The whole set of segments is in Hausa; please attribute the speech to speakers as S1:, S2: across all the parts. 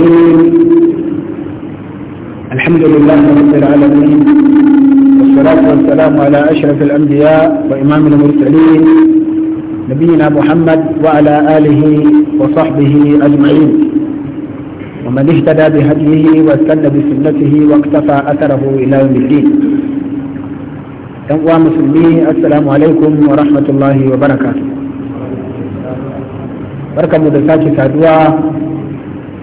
S1: الرحيم الحمد لله رب العالمين والصلاة والسلام على أشرف الأنبياء وإمام المرسلين نبينا محمد وعلى آله وصحبه أجمعين ومن اهتدى بهديه واستنى بسنته واقتفى أثره إلى يوم الدين يوم مسلمين السلام عليكم ورحمة الله وبركاته بركة مدرسات sake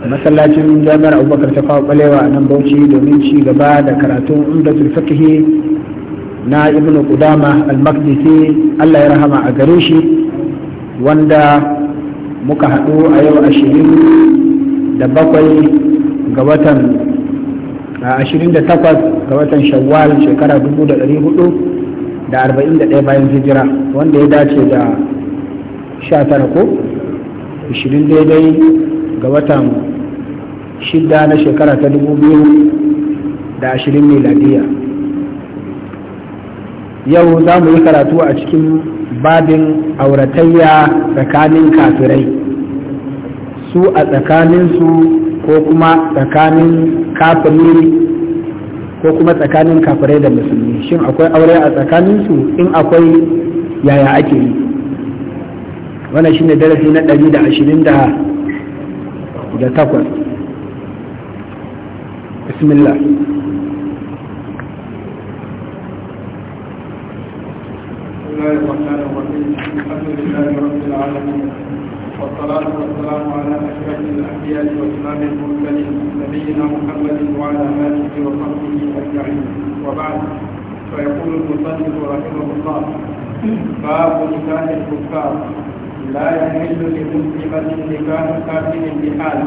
S1: masallacin jami'ar abubakar ta kawo balewa a nan bauchi domin ci gaba da karatun inda fiqhi na ibnu kudama al-maqdisi Allah ya rahama a gare shi wanda muka haɗu a yau ashirin da bakwai ga watan ashirin da takwas ga watan shawwal shekara dubu da ɗari hudu da arba'in da ɗaya bayan hijira wanda ya dace da sha tara ko ashirin daidai ga watan shida na shekara ta dubu biyu da ashirin miladiya yau za mu yi karatu a cikin babin auratayya tsakanin kafirai su a tsakaninsu ko kuma tsakanin kafirai ko kuma tsakanin kafirai da musulmi shin akwai aure a tsakaninsu in akwai yaya ake yi wannan shine darasi na ɗari da ashirin da
S2: بسم الله بسم الله الرحمن الرحيم الحمد لله رب العالمين والصلاة والسلام على وإمام المرسلين نبينا محمد وعلى آله وصحبه أجمعين وبعد فيقول رحمه الله باب نكاح الكفار لا يحل لمسلمة نكاح كافر بحال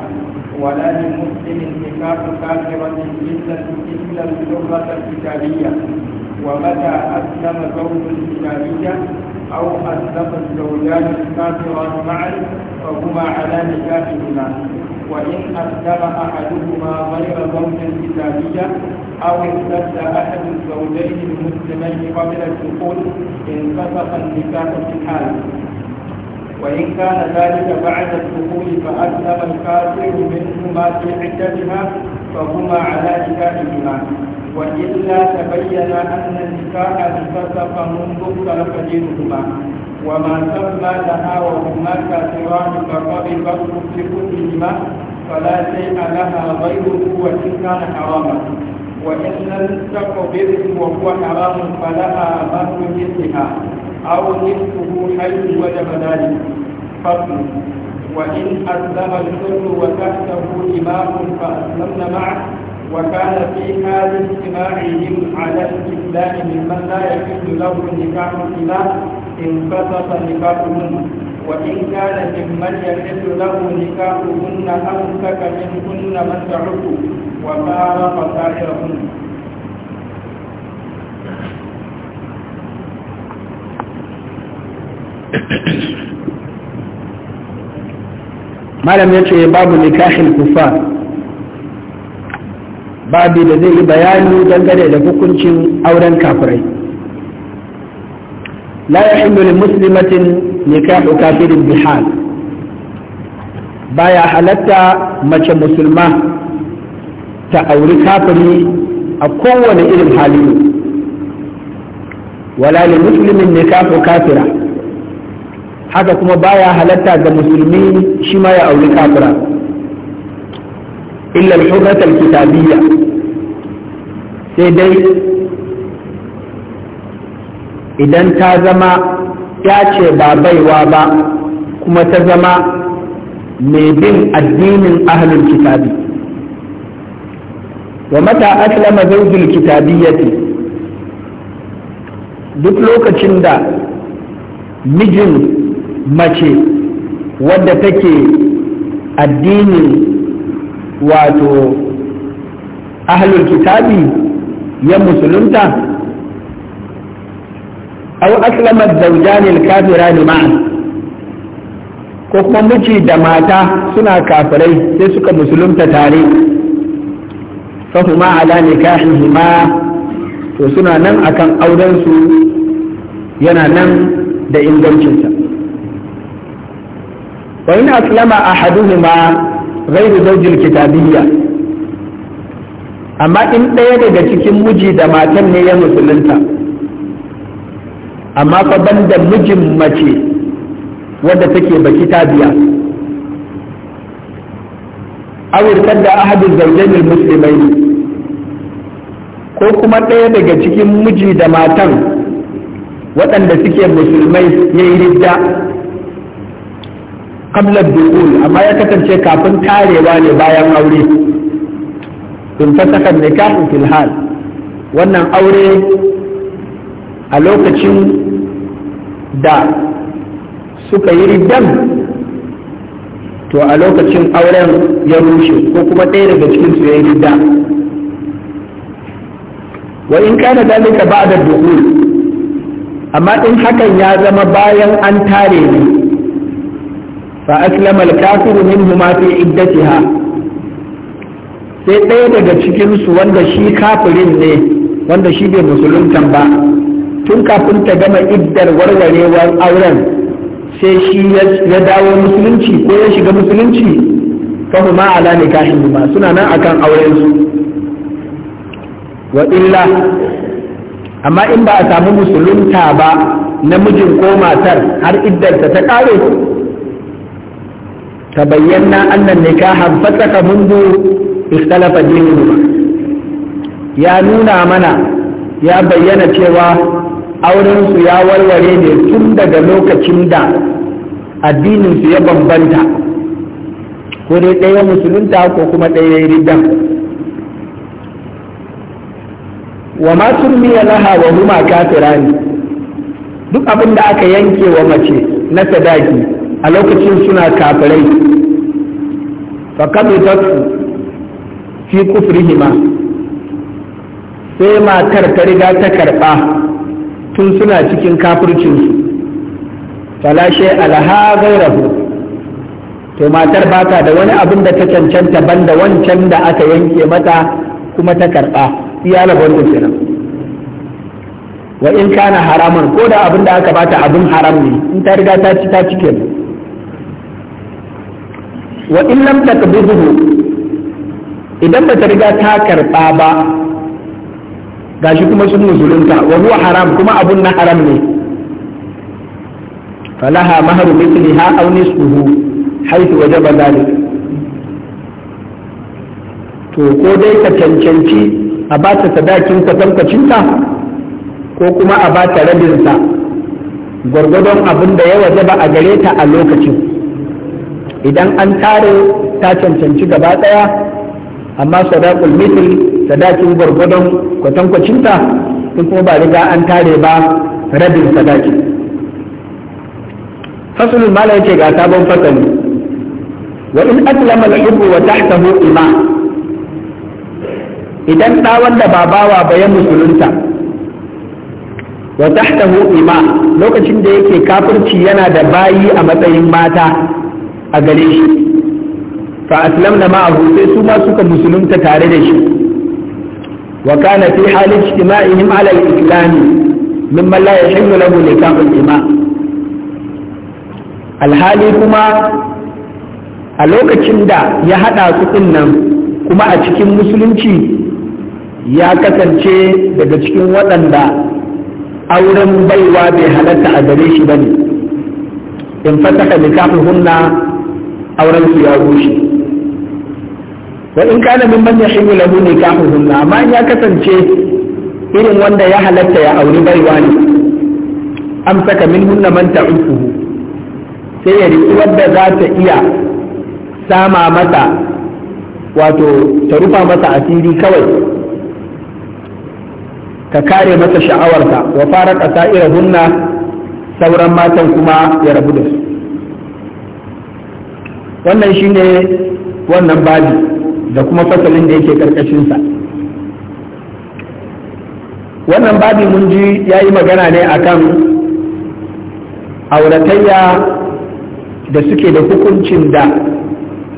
S2: ولا لمسلم انتكاك كافرة إلا إلا اللغة الكتابية ومتى أسلم زوج الكتابية أو أسلم الزوجان الكافران معا فهما على نكاحهما وإن أسلم أحدهما غير زوج الكتابية أو ارتد أحد الزوجين المسلمين قبل الدخول انفسخ النكاح في الحال وإن كان ذلك بعد الدخول فأسلم الكافر منهما في عدتها فهما على نكاحهما وإلا تبين أن النكاح انفسق منذ اختلف دينهما وما سمى لها وهما كافران بصر في كلهما فلا شيء لها غيره وإن كان حراما وإن لم تقبله وهو حرام فلها مهر مثلها أو نصفه حيث وجب ذلك فصل وإن أسلم الحر وتحته إمام فأسلمن معه وكان في حال اجتماعهم على الإسلام ممن لا يحل له نكاح الإله انبسط نكاحهن وإن كان ممن يحل له نكاحهن أمسك منهن من تعد وفارق سائرهن
S1: malam ya ce babu nikahin kufa babu da zai yi bayani dangane da hukuncin auren kafirai la ya himmelin muslimatin nikahu kafirin bihal baya halatta mace musulma ta auri kafiri a kowane irin hali wala li muslimin nikahu kafira haka kuma baya halatta ga musulmi shi ma ya auri kafira illa al-hurrat al-kitabiyya sai dai idan ta zama ya ce ba baiwa ba kuma ta zama mai bin addinin ahlul kitabi wa mata aslama zawjul kitabiyyati duk lokacin da mijin mace wadda take addinin wato ahlul kitabi ya musulunta aw aslamat zawjani al-kafirani ma'an ko kuma miji da mata suna kafirai sai suka musulunta tare fahuma ala nikahihima to suna nan akan auren su yana nan da ingancinsa wa in aslama ahaduhuma ghairu zawjil kitabiyya amma in ɗaya daga cikin miji da matan ne ya musulunta amma fa banda mijin mace wadda take baki tabiya awurkar da ahadin zaujain musulmai ko kuma ɗaya daga cikin miji da matan waɗanda suke musulmai ya yi ridda qabla dukhul amma ya kasance kafin karewa ne bayan aure in fasaka nikahu fil hal wannan aure a lokacin da suka yi riddan to a lokacin auren ya rushe ko kuma ɗaya daga cikin su ya yi ridda wa in kana dalika ba'da dukhul amma in hakan ya zama bayan an tare ne fa aslama al-kafiru minhuma fi iddatiha sai ɗaya daga cikin su wanda shi kafirin ne wanda shi bai musulunta ba tun kafin ta gama iddar warwarewar auren sai shi ya dawo musulunci ko ya shiga musulunci fa huma ala nikahin ba suna nan akan auren su wa illa amma in ba a samu musulunta ba namijin ko matar har iddarta ta ƙare? تبينا أن النكاح فسق منذ اختلف دينهما يا نونا منا يا بينا cewa aurensu ya warware ne tun daga lokacin da addininsu ya bambanta ko dai ɗaya musulunta ko kuma ɗaya riddan wa ma miya laha wa huma kafirani duk abinda aka yanke wa mace na sadaki a lokacin suna kafirai faƙaɗu ta fi kufrihima sai matar ta riga ta karba tun suna cikin kafircinsu falashe alaha gairahu to matar ba da wani abin da ta cancanta banda wancan da aka yanke mata kuma ta karɓa iya labon kenan wa in kana haramun ko da abin da aka bata abin haram ne in ta riga ta ci ta cike mu wa in lam takbidhu idan bata riga ta karba ba gashi kuma sun musulunta wa huwa haram kuma abun na haram ne falaha maharu mithliha aw nisfuhu haythu wajaba dhalik to ko dai ka cancanci a ba ta sadakin kwatankwacinta ko kuma a ba ta rabinsa gwargwadon abin da ya wajaba a gare ta a lokacin idan an tare ta cancanci gaba ɗaya amma sadaqul mithl sadakin gwargwadon kwatankwacinta in kuma ba riga an tare ba rabin sadaki fasulun mala yace ga sabon fasali wa in aslama al-hubbu wa tahtahu ima idan da wanda ba bawa ba ya musulunta wa tahtahu ima lokacin da yake kafirci yana da bayi a matsayin mata a gare shi fa da ma'ahu sai su ma suka musulunta tare da shi wa kana fi hali ijtima'ihim ala al-islam mimman la yahillu lahu nikahu al-ima alhali kuma a lokacin da ya hada su nan kuma a cikin musulunci ya kasance daga cikin waɗanda auren baiwa bai halatta a gare shi bane in fasaka nikahuhunna auren su ya rushe wa in kana min man yahimu lahu nikahuhunna amma ya kasance irin wanda ya halatta ya auri baiwa ne amsaka minhunna man ta'ufuhu sai ya riki wadda za ta iya sama mata wato ta rufa mata asiri kawai ka kare masa sha'awarta wa fara ƙasa hunna sauran matan kuma ya rabu da su wannan shi ne wannan babi da kuma fasalin da yake karkashinsa wannan babi mun ji ya yi magana ne akan auratayya da suke da hukuncin da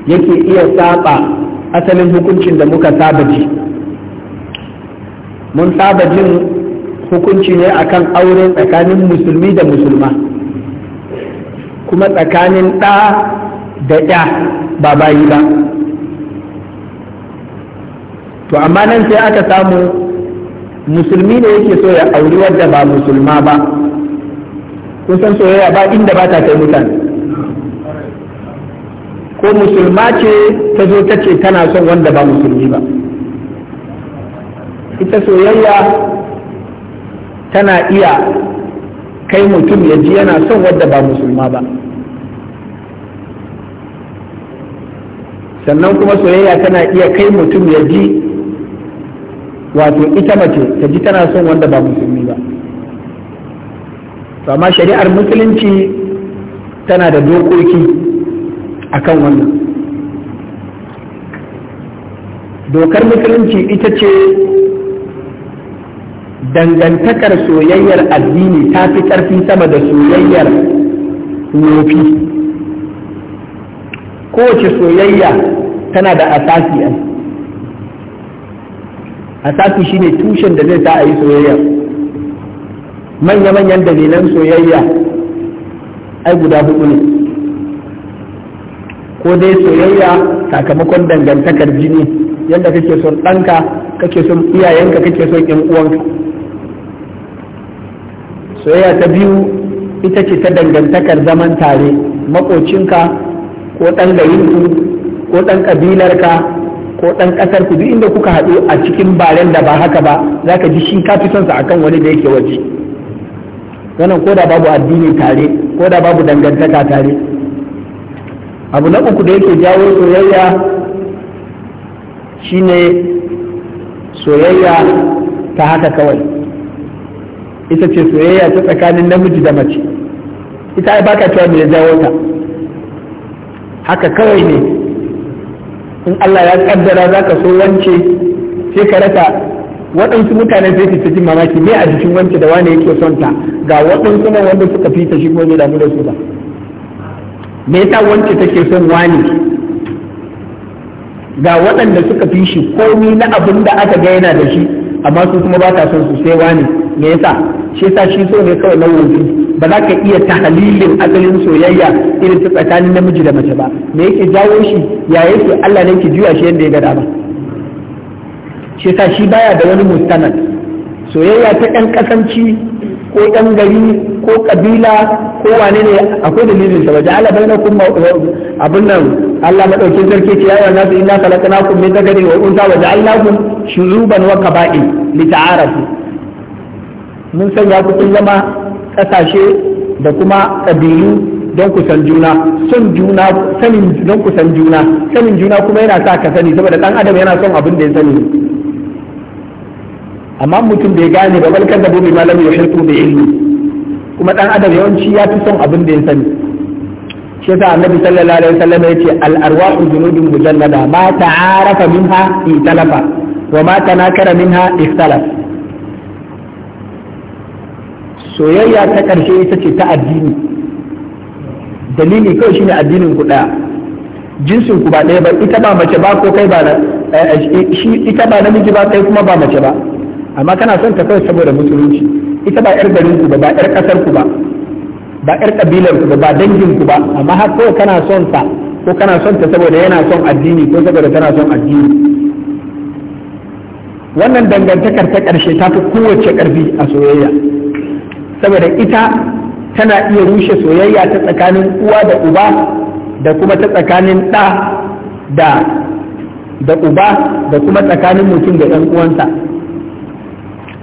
S1: yake iya saba asalin hukuncin da muka saba ji mun saba jin hukunci ne akan aure tsakanin musulmi da musulma kuma tsakanin ɗa da ya ba bayi ba to amma nan sai aka samu musulmi ne yake so ya auri wadda ba musulma ba kusan soyayya ba inda ba ta kai mutane ko musulma ce ta zo ta ce tana son wanda ba musulmi ba ita soyayya tana iya kai mutum ya ji yana son wadda ba musulma ba sannan kuma soyayya tana iya kai mutum ya ji wato ita mace ta ji tana son wanda ba musulmi ba to amma shari'ar musulunci tana da dokoki akan wannan dokar musulunci ita ce dangantakar soyayyar addini ta fi ƙarfi sama da soyayyar wofi kowace soyayya tana da asasi a asasi shine tushen da zai sa a yi soyayya manya-manyan dalilan soyayya ai guda hudu ne ko dai soyayya sakamakon dangantakar jini yadda kake son ɗanka kake son iyayenka kake son yan uwanka soyayya ta biyu ita ce ta dangantakar zaman tare maƙocinka. ko ɗan garinku ko ɗan ƙabilarka ko ɗan ƙasarku, duk inda kuka haɗu a cikin baren da ba haka ba za ka ji shi ka fi son sa akan wani da yake waje wannan ko da babu addini tare ko da babu dangantaka tare abu na uku da yake jawo soyayya shine soyayya ta haka kawai ita ce soyayya ta tsakanin namiji da mace ita ai baka cewa me ya jawo ta haka kawai ne in Allah ya kaddara za ka so wance sai ka rasa waɗansu mutane sai su ji mamaki me a jikin wance da wane yake son ta ga waɗansu nan wanda suka fi ta shi ko bai damu da su ba me yasa wance take son wani ga waɗanda suka fi shi komai na abin da aka ga yana da shi amma su kuma ba ta son su sai wani me yasa shi yasa shi so ne kawai na wurfi ba za ka iya tahalilin asalin soyayya irin ta tsakanin namiji da mace ba me yake jawo shi ya yake Allah ne ke juya shi yadda ya gada ba. shi yasa shi baya da wani mustanad soyayya ta ɗan kasanci ko ɗan gari ko kabila ko wane ne akwai dalilin sa waje ala baina kuma abin nan Allah madaukin sarki ce yayin nasu inna khalaqnakum min dhakarin wa unsa wa ja'alnakum shuruban wa qaba'il lita'arafu mun sanya ku kun zama ƙasashe da kuma ƙabilu don kusan juna son juna sanin don san juna sanin juna kuma yana sa ka sani saboda dan adam yana son abin da ya sani amma mutum bai gane ba bal kan da bai malami ya shirku bai ilmi kuma dan adam yawanci ya fi son abin da ya sani shi yasa annabi sallallahu alaihi wasallam yace al arwahu junudun mujallada ma ta'arafa minha italafa wa ma tanakara minha ikhtalafa soyayya ta ƙarshe ita ce ta addini dalili kawai shine addinin ku ɗaya jinsin ku ba ɗaya ba ita ba mace ba ko kai ba na eh, eh, ita ba namiji ba kai kuma ba mace ba amma kana son ta kawai saboda musulunci ita ba 'yar garin ku ba ba 'yar ƙasar ku ba ba 'yar ƙabilar ku ba ba dangin ku ba amma har kawai kana son ta ko kana son ta saboda yana son addini ko saboda tana son addini wannan dangantakar ta ƙarshe ta fi kowace ƙarfi a soyayya saboda ita tana iya rushe soyayya ta tsakanin uwa da uba da kuma ta tsakanin ɗa da da uba da kuma tsakanin mutum da ‘yan uwansa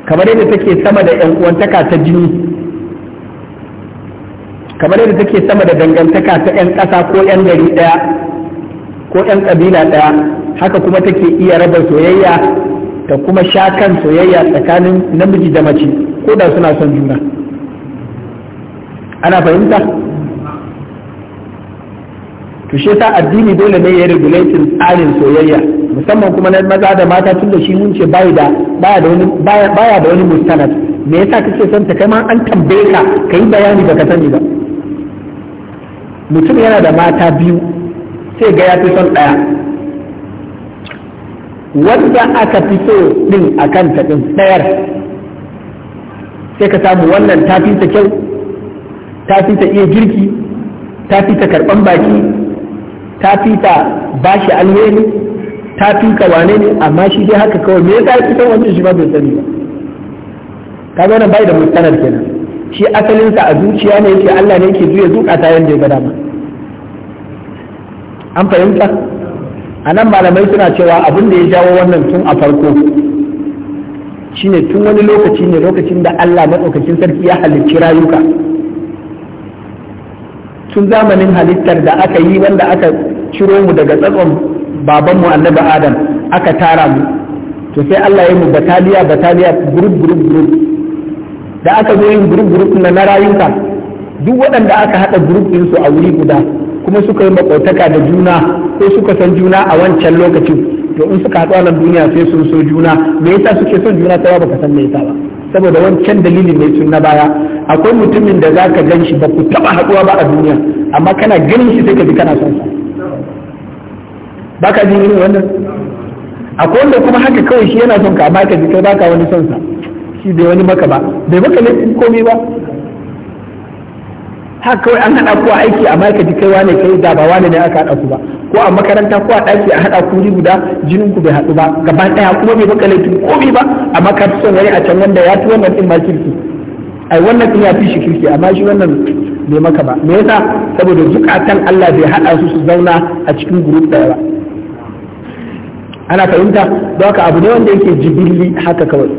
S1: kamar yadda take sama da ‘yan uwantaka ta jini kamar yadda take sama da dangantaka ta ‘yan ƙasa ko ‘yan gari ɗaya ko ɗan ƙabila ɗaya haka kuma take iya raba soyayya ta kuma sha kan soyayya tsakanin namiji da mace ko da suna son juna. ana fahimta to shi yasa addini dole ne ya regulating tsarin soyayya musamman kuma na maza da mata tun da shi mun ce baya da wani baya da wani mustanad me yasa kake son ta kai ma an tambaye ka kai bayani baka sani ba mutum yana da mata biyu sai ga ya fi son daya wanda aka fi so din akan ta din dayar sai ka samu wannan tafi ta kyau ta fi ta iya girki ta fi ta karban baki ta fi ta shi alheri ta fi ka wane ne amma shi dai haka kawai me yasa ki san wannan shi ba bai sani ba kaga wannan bai da mustanar kenan shi asalinsa a zuciya ne yake Allah ne yake zuya zuƙa ta yanda ya ga dama an fahimta a nan malamai suna cewa abin da ya jawo wannan tun a farko shine tun wani lokaci ne lokacin da Allah matsaukacin sarki ya halicci rayuka tun zamanin halittar da aka yi wanda aka ciro mu daga tsatson babanmu annabi adam aka tara mu to sai Allah ya mu bataliya bataliya group group da aka zo yin group group na na rayuka duk waɗanda aka haɗa ɗin su a wuri guda kuma suka yi makwautaka da juna ko suka san juna a wancan lokacin to in suka haɗu a nan duniya sai sun so juna me yasa suke son juna ta ba ka san me yasa ba saboda wancan dalilin mai tun na baya akwai mutumin da zaka gan shi ba ku taba haɗuwa ba a duniya amma kana ganin shi sai ka ji kana son sa baka jin irin wannan akwai wanda kuma haka kawai shi yana son ka amma ka ji kai baka wani son sa shi bai wani maka ba bai maka laifin komai ba haka kawai an haɗa ku a aiki amma ka ji kai wane kai da ba wane ne aka haɗa ku ba ko a makaranta ko a ɗaki a haɗa ku guda jinin ku bai haɗu ba gaba ɗaya kuma bai maka laifin komai ba amma ka fi son wani a can wanda ya fi wannan ɗin ma ai wannan din fi shi kirki amma shi wannan bai maka ba me yasa saboda zukatan Allah bai hada su su zauna a cikin group daya ba ana fahimta don haka abu ne wanda yake jibilli haka kawai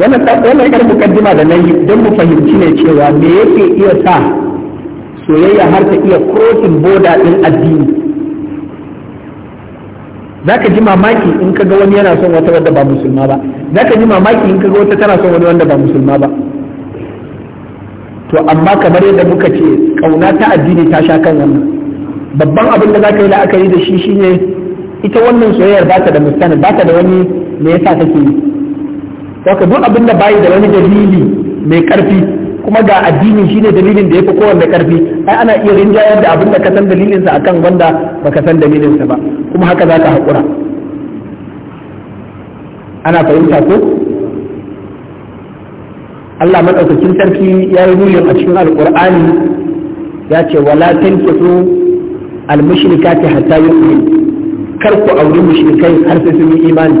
S1: wannan wannan yar mukaddima da nan don mu fahimci ne cewa me yake iya sa soyayya har ta iya crossing border din addini za ka ji mamaki in ka ga wani yana son wata wadda ba musulma ba za ka ji mamaki in ka ga wata tana son wani wanda ba musulma ba to amma kamar yadda muka ce kauna ta addini ta sha kan wannan babban abin da za ka yi la'akari da shi shine ita wannan soyayyar ba ta da mustana ba ta da wani me yasa take yi ka duk abin da bayi da wani dalili mai karfi kuma ga addini shine dalilin da fi kowanne karfi ai ana iya rinjayar da abin da ka san dalilin akan wanda baka san dalilin ba kuma haka za ka hakura ana fahimta ko Allah madaukakin sarki ya yi nuni a cikin alqur'ani ya ce wala tankisu almushrikati hatta yu'min kar ku auri mushrikai har sai sun yi imani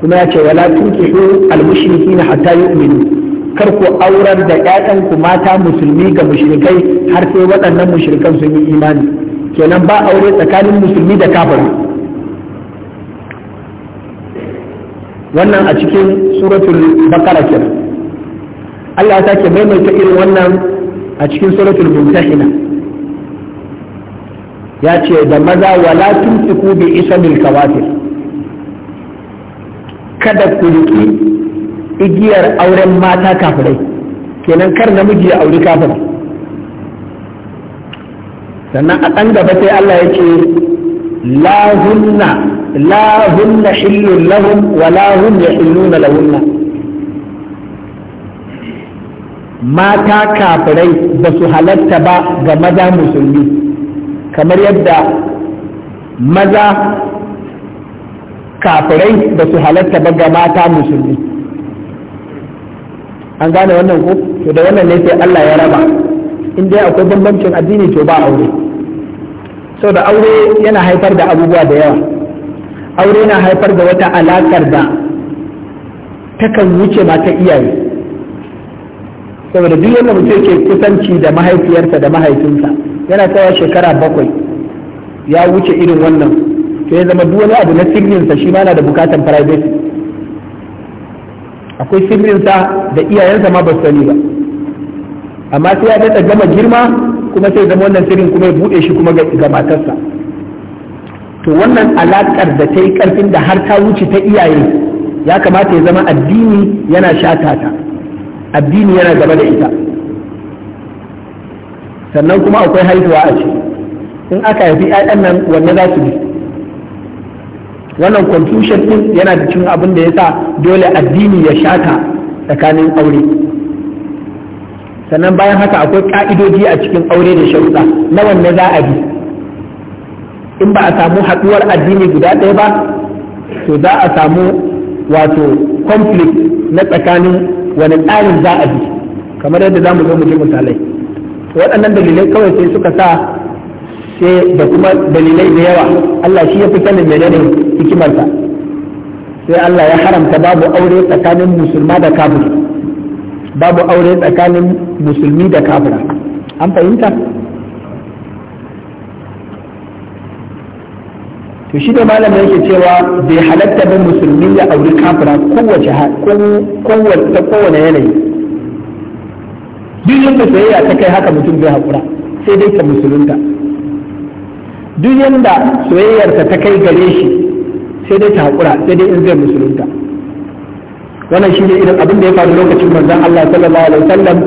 S1: kuma ya ce wala tunkihu almushrikina hatta yu'minu kar ku aurar da ƴaƴan ku mata musulmi ga mushrikai har sai waɗannan mushrikan sun yi imani kenan ba aure tsakanin musulmi da kafiri wannan a cikin suratul baqara Allah ta ke maimaita irin wannan a cikin suratul mumtahina ya ce da maza wala tumsiku bi isamil kawafir kada ku riki igiyar auren mata kafirai kenan kar namiji ya auri kafir sannan a ɗan gaba sai Allah ya ce lahunna lahunna la hillun lahun wa la ya yahilluna lahunna mata kafirai ba su halatta ba ga maza musulmi kamar yadda maza kafirai ba su halatta ba ga mata musulmi an gane wannan ku? to da wannan ne sai Allah ya raba in dai akwai bambancin addini to ba aure da aure yana haifar da abubuwa da yawa aure yana haifar da wata alakar da takan wuce ma ta iyaye saboda duk wanda mutum ke kusanci da mahaifiyarsa da mahaifinsa yana kaiwa shekara bakwai ya wuce irin wannan to ya zama duk wani abu na sirrinsa shi ma na da bukatan privacy akwai sirrinsa da iyayensa ma ba su sani ba amma sai ya daɗa gama girma kuma sai zama wannan sirrin kuma ya buɗe shi kuma ga matarsa to wannan alaƙar da ta yi ƙarfin da har ta wuce ta iyaye ya kamata ya zama addini yana shata ta addini yana gaba da ita sannan kuma akwai haihuwa a ciki in aka haifi 'ya'yan nan wanne za su bi wannan confusion din yana da cin abin da ya sa dole addini ya shata tsakanin aure sannan bayan haka akwai ka'idoji a cikin aure da sharuɗa na wanne za a bi in ba a samu haɗuwar addini guda ɗaya ba to za a samu wato conflict na tsakanin wani tsarin za a bi kamar yadda za mu zo mu ji misalai waɗannan dalilai kawai sai suka sa sai da kuma dalilai da yawa Allah shi ya fi sanin menene hikimarsa sai Allah ya haramta babu aure tsakanin musulma da kafiri babu aure tsakanin musulmi da kafira an fahimta to shi da malam yake cewa bai halatta ba musulmi ya auri kafira kowace kowace kowane yanayi duk yadda sayayya ta kai haka mutum zai haƙura sai dai ta musulunta duk yadda soyayyarsa ta kai gare shi sai dai ta hakura sai dai in zai musulunta wannan shi ne irin abin da ya faru lokacin manzon Allah sallallahu alaihi wasallam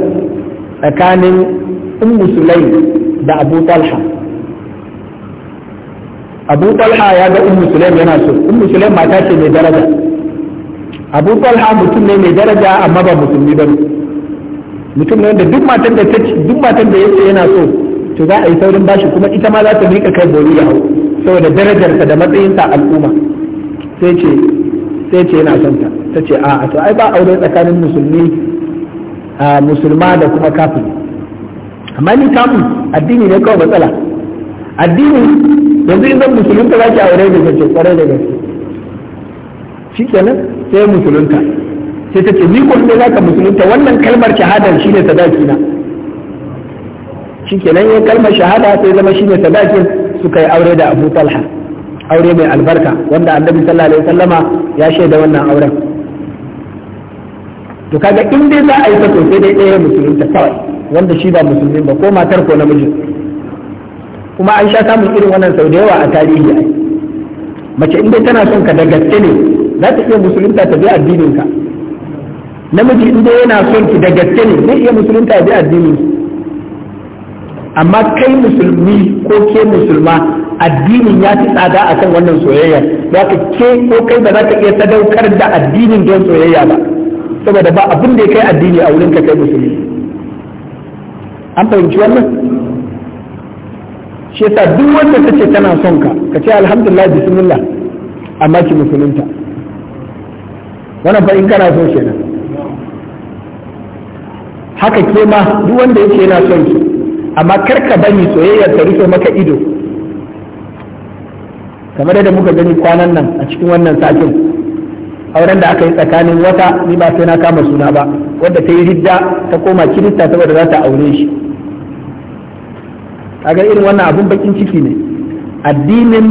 S1: tsakanin ummu sulaim da abu talha abu talha ya ga ummu sulaim yana so ummu sulaim mata ce mai daraja abu talha mutum ne mai daraja amma ba musulmi ba mutum ne wanda duk matan da duk matan da yake yana so to za a yi saurin bashi kuma ita ma za ta rika kai bori ya hau saboda darajarsa da matsayinsa al'umma sai ce sai ce yana son ta ta ce a to ai ba aure tsakanin musulmi a musulma da kuma kafin amma ni kamun addini ne kawai matsala addini yanzu in zan musulunta za ki aure da gaske kwarai da gaske shi kenan sai musulunta sai ta ce ni ko sai zaka musulunta wannan kalmar shahada ne sadaki na shi kenan yin kalmar shahada sai zama shi ne sadakin suka yi aure da Abu Talha aure mai albarka wanda annabi sallallahu alaihi wasallama ya shaida wannan auren to kaga in dai za a yi fato sai dai ɗaya musulunta kawai wanda shi ba musulmi ba ko matar ko namiji kuma an sha samun irin wannan sau da yawa a tarihi ai mace in dai tana son ka da gaske ne za ta iya musulunta ta bi addinin ka namiji in dai yana son ki da gaske ne zai iya musulunta ya bi addinin amma kai musulmi ko ke musulma addinin ya fi tsada a kan wannan soyayya za ka ke ko kai ba za ka iya sadaukar da addinin don soyayya ba saboda ba abin da ya kai addini a wurin ka kai musulmi an fahimci wannan shi yasa duk wanda ta ce tana son ka ka ce alhamdulillah bismillah amma ki musulunta wannan fa in kana son kenan haka ke ma duk wanda yake yana son ki amma kar ka bani soyayyar ta rufe maka ido kamar yadda muka gani kwanan nan a cikin wannan sakin auren da aka yi tsakanin wata ni ba sai na kama suna ba wadda ta yi ridda ta koma kirista saboda za ta aure shi kaga irin wannan abun bakin ciki ne addinin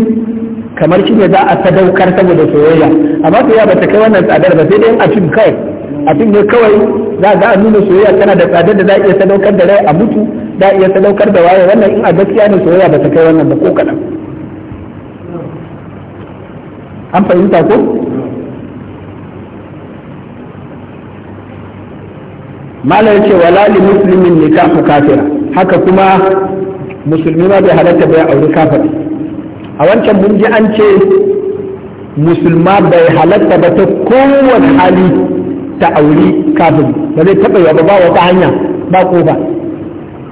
S1: kamar shi ne za a sadaukar saboda soyayya amma soyayya ya bata kai wannan tsadar ba sai dai a cikin kai a cikin ne kawai za a nuna soyayya tana da tsadar da za a iya sadaukar da rai a mutu za a iya sadaukar da waye wannan in a gaskiya ne soyayya ba kai wannan ba ko kaɗan an fahimta ko mala yace wala li muslimin nikahu kafira haka kuma musulmi ma bai halatta bai auri kafiri a wancan mun ji an ce musulma bai halatta ba ta kowane hali ta auri kafiri ba zai taɓa yawa ba wata hanya ba kofa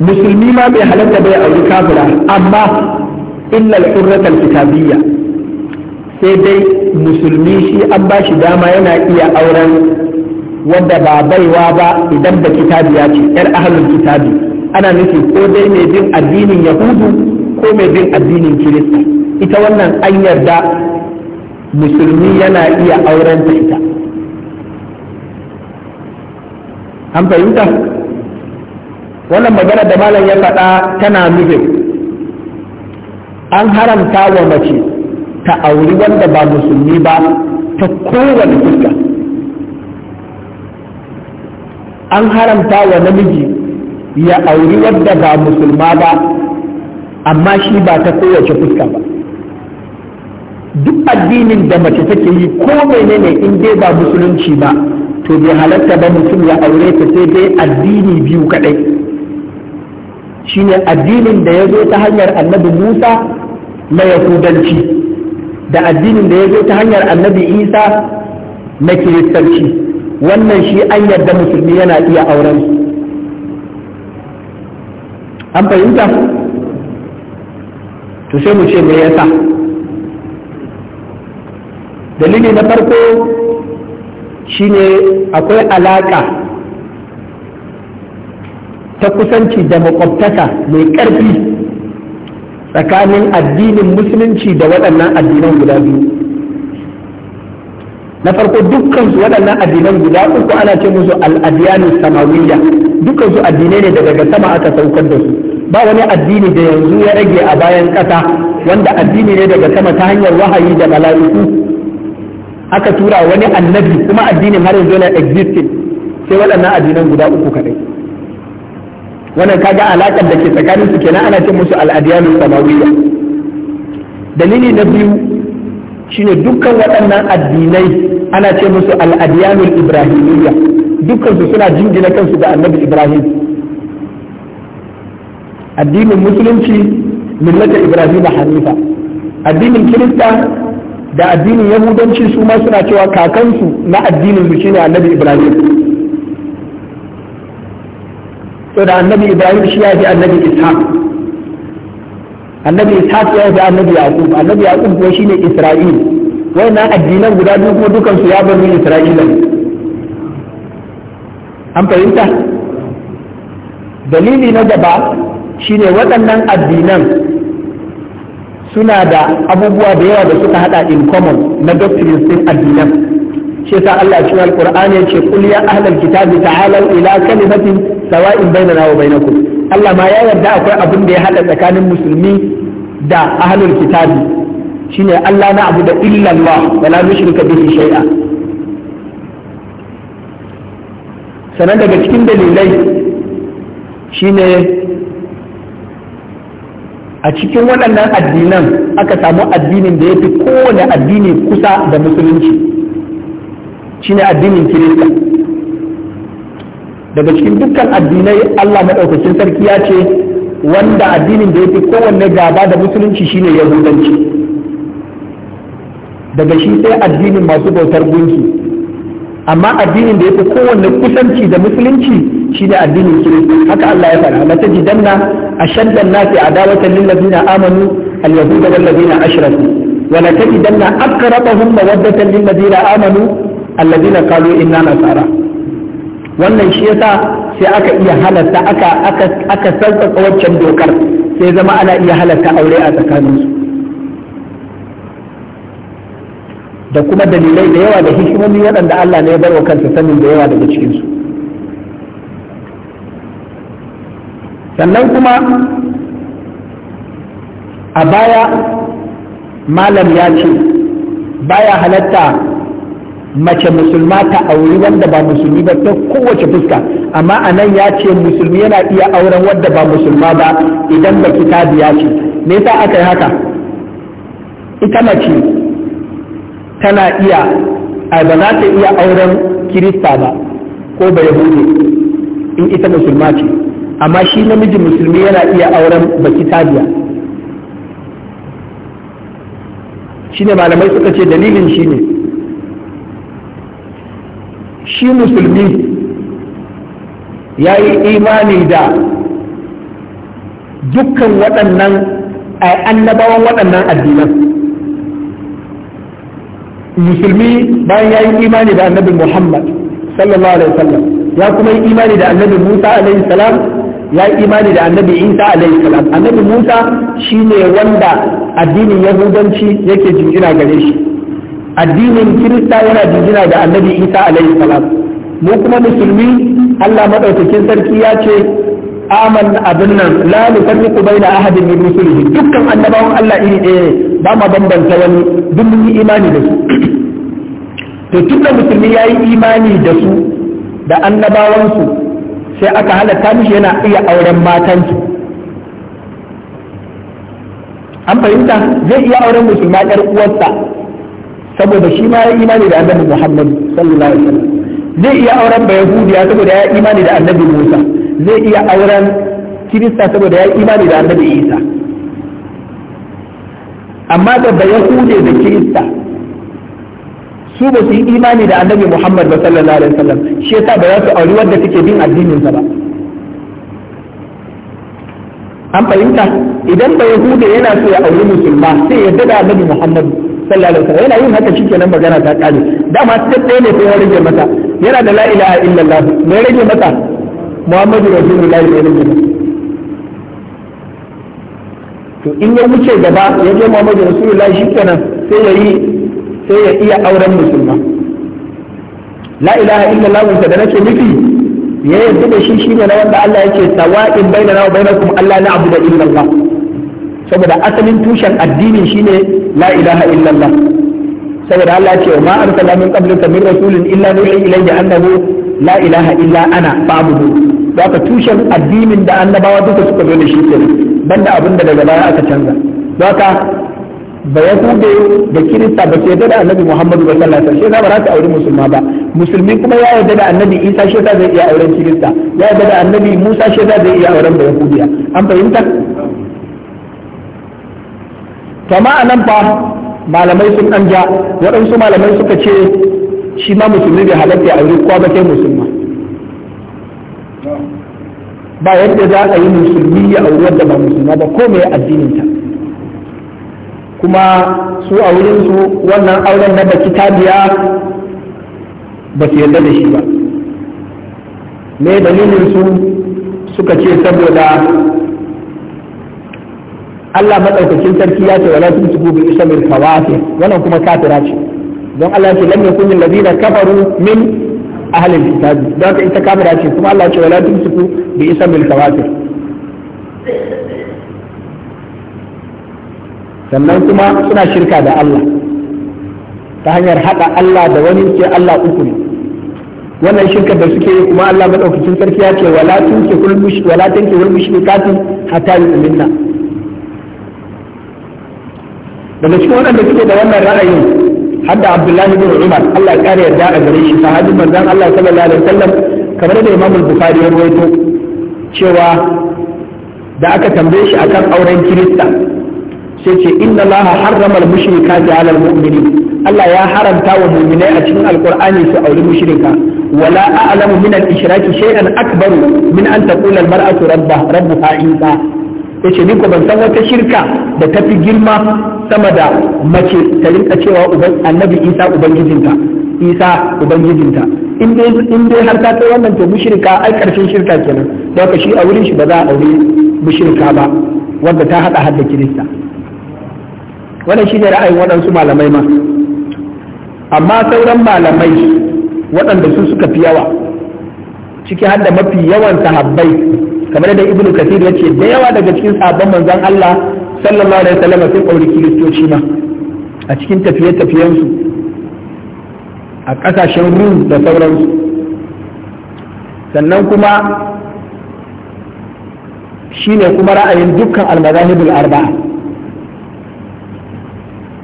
S1: musulmi ma bai halatta bai auri kafira amma illa al-urratul kitabiyya sai dai musulmi shi an ba shi dama yana iya auren wanda ba baiwa ba idan da kitabi ya ce yar ahalin kitabi ana nufi ko dai mai bin addinin yahudu ko mai bin addinin kirista ita wannan an yarda musulmi yana iya auren ta ita an fahimta wannan magana da malam ya faɗa tana nufin an haramta wa mace ta auri wanda ba musulmi ba ta kowane fuska an haramta wa namiji ya auri wadda ba musulma ba amma shi ba ta kowace fuska ba duk addinin da mace take yi ko ne in dai ba musulunci ba to bai halatta ba mutum ya aure ta sai dai addini biyu kadai shine addinin da ya zo ta hanyar annabi musa na yahudanci da addinin da ya zo ta hanyar annabi isa na kiristanci wannan shi an yarda musulmi yana iya auren an fahimta to sai mu ce me yasa dalili na farko shine akwai alaka ta kusanci da makwabtaka mai ƙarfi tsakanin addinin musulunci da waɗannan addinan guda biyu na farko dukkan su waɗannan addinan guda uku ana ce musu al'adiyanu samawiyya dukkan su addinai ne da daga sama aka saukar da su ba wani addini da yanzu ya rage a bayan ƙasa wanda addini ne daga sama ta hanyar wahayi da mala'iku aka tura wani annabi kuma addinin har yanzu yana existing sai waɗannan addinan guda uku kaɗai wannan kaga alaƙar da ke tsakanin su kenan ana ce musu al'adiyanu samawiyya dalili na biyu shine dukkan waɗannan addinai ana ce musu al'adiyanu ibrahimiyya dukkan su suna jingina kansu da annabi ibrahim addinin musulunci millata ibrahim hanifa addinin kirista da addinin yahudanci su ma suna cewa kakansu na addinin su shine annabi ibrahim da annabi ibrahim shi ya fi annabi ishaq annabi ishaq ya fi annabi yaqub annabi yaqub kuwa shine isra'il wannan addinan guda biyu kuma dukan su ya bar isra'ila an fahimta dalili na gaba shine waɗannan addinan suna da abubuwa da yawa da suka hada in common na doctrines din addinan shi yasa Allah cikin alqur'ani ya ce kul ya ahlal kitabi ta'alu ila kalimatin sawa'in bai wa bainakum Allah ma ya yarda akwai abin da ya haɗa tsakanin musulmi da ahlul kitabi shine Allah na abu da illallah wa la nushrika bihi shay'a sanan daga cikin dalilai shine a cikin waɗannan addinan aka samu addinin da ya fi kowane addini kusa da musulunci shine addinin kirista daga cikin dukkan addinai Allah maɗaukacin sarki ya ce wanda addinin da yake kowanne gaba da musulunci shine yahudanci daga shi sai addinin masu bautar gunki amma addinin da yake kowanne kusanci da musulunci shine addinin kiristi haka Allah ya faɗa la tajidanna ashadda a nasi adawatan lil ladina amanu al-yahud wal ladina ashraku wa la tajidanna aqrabahum mawaddatan lil ladina amanu alladina qalu inna nasara wannan shi yasa sai aka iya halatta aka aka waccan dokar sai zama ana iya halatta aure a tsakaninsu da kuma dalilai da yawa da hikimomi waɗanda Allah ne ya bar kansa sanin da yawa daga cikinsu sannan kuma a baya malam ya ce baya halatta mace musulma ta auri wanda ba musulmi ba ta kowace fuska amma a nan ya ce musulmi yana iya auren wanda ba musulma ba idan ba ya ce me yasa aka yi haka ita mace tana iya a ba za ta iya auren kirista ba ko ba yahudi in ita musulma ce amma shi namiji musulmi yana iya auren ba kitabiya shine malamai suka ce dalilin shi ne shi musulmi ya yi imani da dukkan waɗannan eh, annabawan waɗannan addinan musulmi bayan ya yi imani da annabi muhammad sallallahu alaihi wasallam ya kuma yi imani da annabi musa alaihi salam ya yi imani da annabi isa alaihi salam annabi musa shine wanda addinin yahudanci yake jingina gare shi addinin kirista yana jingina da annabi isa alaihi salam mu kuma musulmi allah maɗaukakin sarki ya ce aman abin nan la nufarriqu baina ahadin min rusulihi dukkan annabawan allah iri ɗaya ne ba ma bambanta wani duk mun yi imani da su to da musulmi ya yi imani da su da annabawansu sai aka halatta mishi yana iya auren matansu an fahimta zai iya auren musulma yar uwarsa saboda shi ma ya imani da annabi Muhammad sallallahu alaihi wasallam zai iya auren ba yahudiya saboda ya imani da annabi Musa zai iya auren kirista saboda ya imani da annabi Isa amma da ba yahudiya da kirista su ba su yi imani da annabi Muhammad ba sallallahu alaihi wasallam shi yasa ba za su auri wanda take bin addinin sa ba an fahimta idan ba yahudiya yana so ya auri musulma sai ya da annabi Muhammad sallallahu alaihi wasallam yana yin haka shikenan magana ta kare dama sai ɗaya ne ko ya rage mata yana da la ilaha illallah me rage mata muhammadu rasulullahi ne rage mata to in ya wuce gaba ya je muhammadu rasulullahi shikenan sai ya yi sai ya iya auren musulma la ilaha illallah da nake nufi ya yarda da shi shine na wanda Allah yake sawa'in bainana wa bainakum Allah na'budu illallah saboda asalin tushen addinin shine la ilaha illallah saboda Allah ce wa ma arsala min qablika min rasulin illa nuhi ilayhi annahu la ilaha illa ana fa'budu haka tushen addinin da annabawa duka suka zo da shi kenan banda abin da daga baya aka canza haka ba ya kube da kirista ba su yarda da annabi muhammadu ba sallallahu alaihi wasallam ba za ta auri musulma ba musulmi kuma ya yarda da annabi isa shi zai iya auren kirista ya yarda da annabi musa shi zai iya auren ba yahudiya an fahimta kama a nan fa malamai sun ɗan ja waɗansu malamai suka ce shi ma musulmi bai halatta a wuri ba kai musulma ba yadda za a yi musulmi ya auri wadda ba musulma ba ko mai addininta kuma su a su wannan auren na baki tabiya ba su yarda da shi ba me dalilin su suka ce saboda Allah madaukakin sarki ya ce wala tusbu bi ismil fawati wannan kuma kafira ce don Allah ce lam yakun alladhina kafaru min ahli alkitab don ka ita kafira ce kuma Allah ce wala tusbu bi ismil fawati sannan kuma suna shirka da Allah ta hanyar hada Allah da wani ce Allah uku ne wannan shirka da suke yi kuma Allah madaukakin sarki ya ce wala tusbu wala tanki wal mushrikati hatta yu'minna daga cikin waɗanda suke da wannan ra'ayin hadda abdullahi bin umar Allah ya ƙara yarda a gare shi sahabin manzon Allah sallallahu alaihi wasallam kamar da imamul bukhari ya rawaito cewa da aka tambaye shi akan auren kirista sai ce inna allaha harrama al-mushrikati 'ala al-mu'minin Allah ya haramta wa mu'minai a cikin alqur'ani su auri mushrika wala a'lamu min al-ishraki shay'an akbar min an taqula al-mar'atu rabba rabbuha insa ya ce ni ko ban san wata shirka da ta fi girma sama da mace ta rinka cewa annabi isa ubangijinta isa ubangijinta in dai har ta kai wannan to shirka ai karshen shirka kenan don ka shi a wurin shi ba za a aure shirka ba wanda ta hada hadda kirista wannan shi ne ra'ayin waɗansu malamai ma amma sauran malamai waɗanda su suka fi yawa ciki hadda mafi yawan sahabbai kamar da ibnu kasir ya ce da yawa daga cikin sabon manzon Allah sallallahu alaihi wasallam sun aure kiristoci ma a cikin tafiye-tafiyen su a kasashen rum da sauransu sannan kuma shine kuma ra'ayin dukkan al-mazahibul arba'a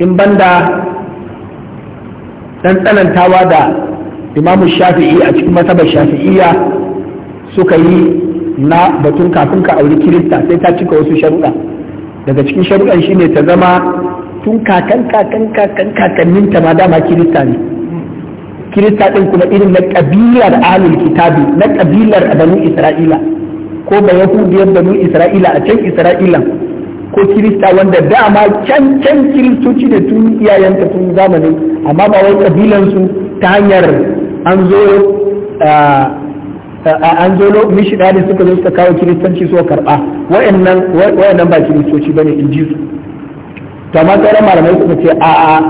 S1: in banda dan tsanantawa da imamu shafi'i a cikin masabar shafi'iyya suka yi na batun kafin ka auri kirista sai ta cika wasu sharuɗa daga cikin sharuɗan ne ta zama tun kakan kakan kakan kakannin ta ma dama kirista ne kirista ɗin kuma irin na ƙabilar ahlul kitabi na ƙabilar banu isra'ila ko da yahudiyar banu isra'ila a can isra'ila ko kirista wanda dama can can kiristoci da tun iyayenta tun zamanin amma ba wai ƙabilansu ta hanyar an zo ah, an zo mishi da suka zo suka kawo kiristanci so karba wayannan wayannan ba kiristoci bane in ji su to amma sauran malamai suka ce a a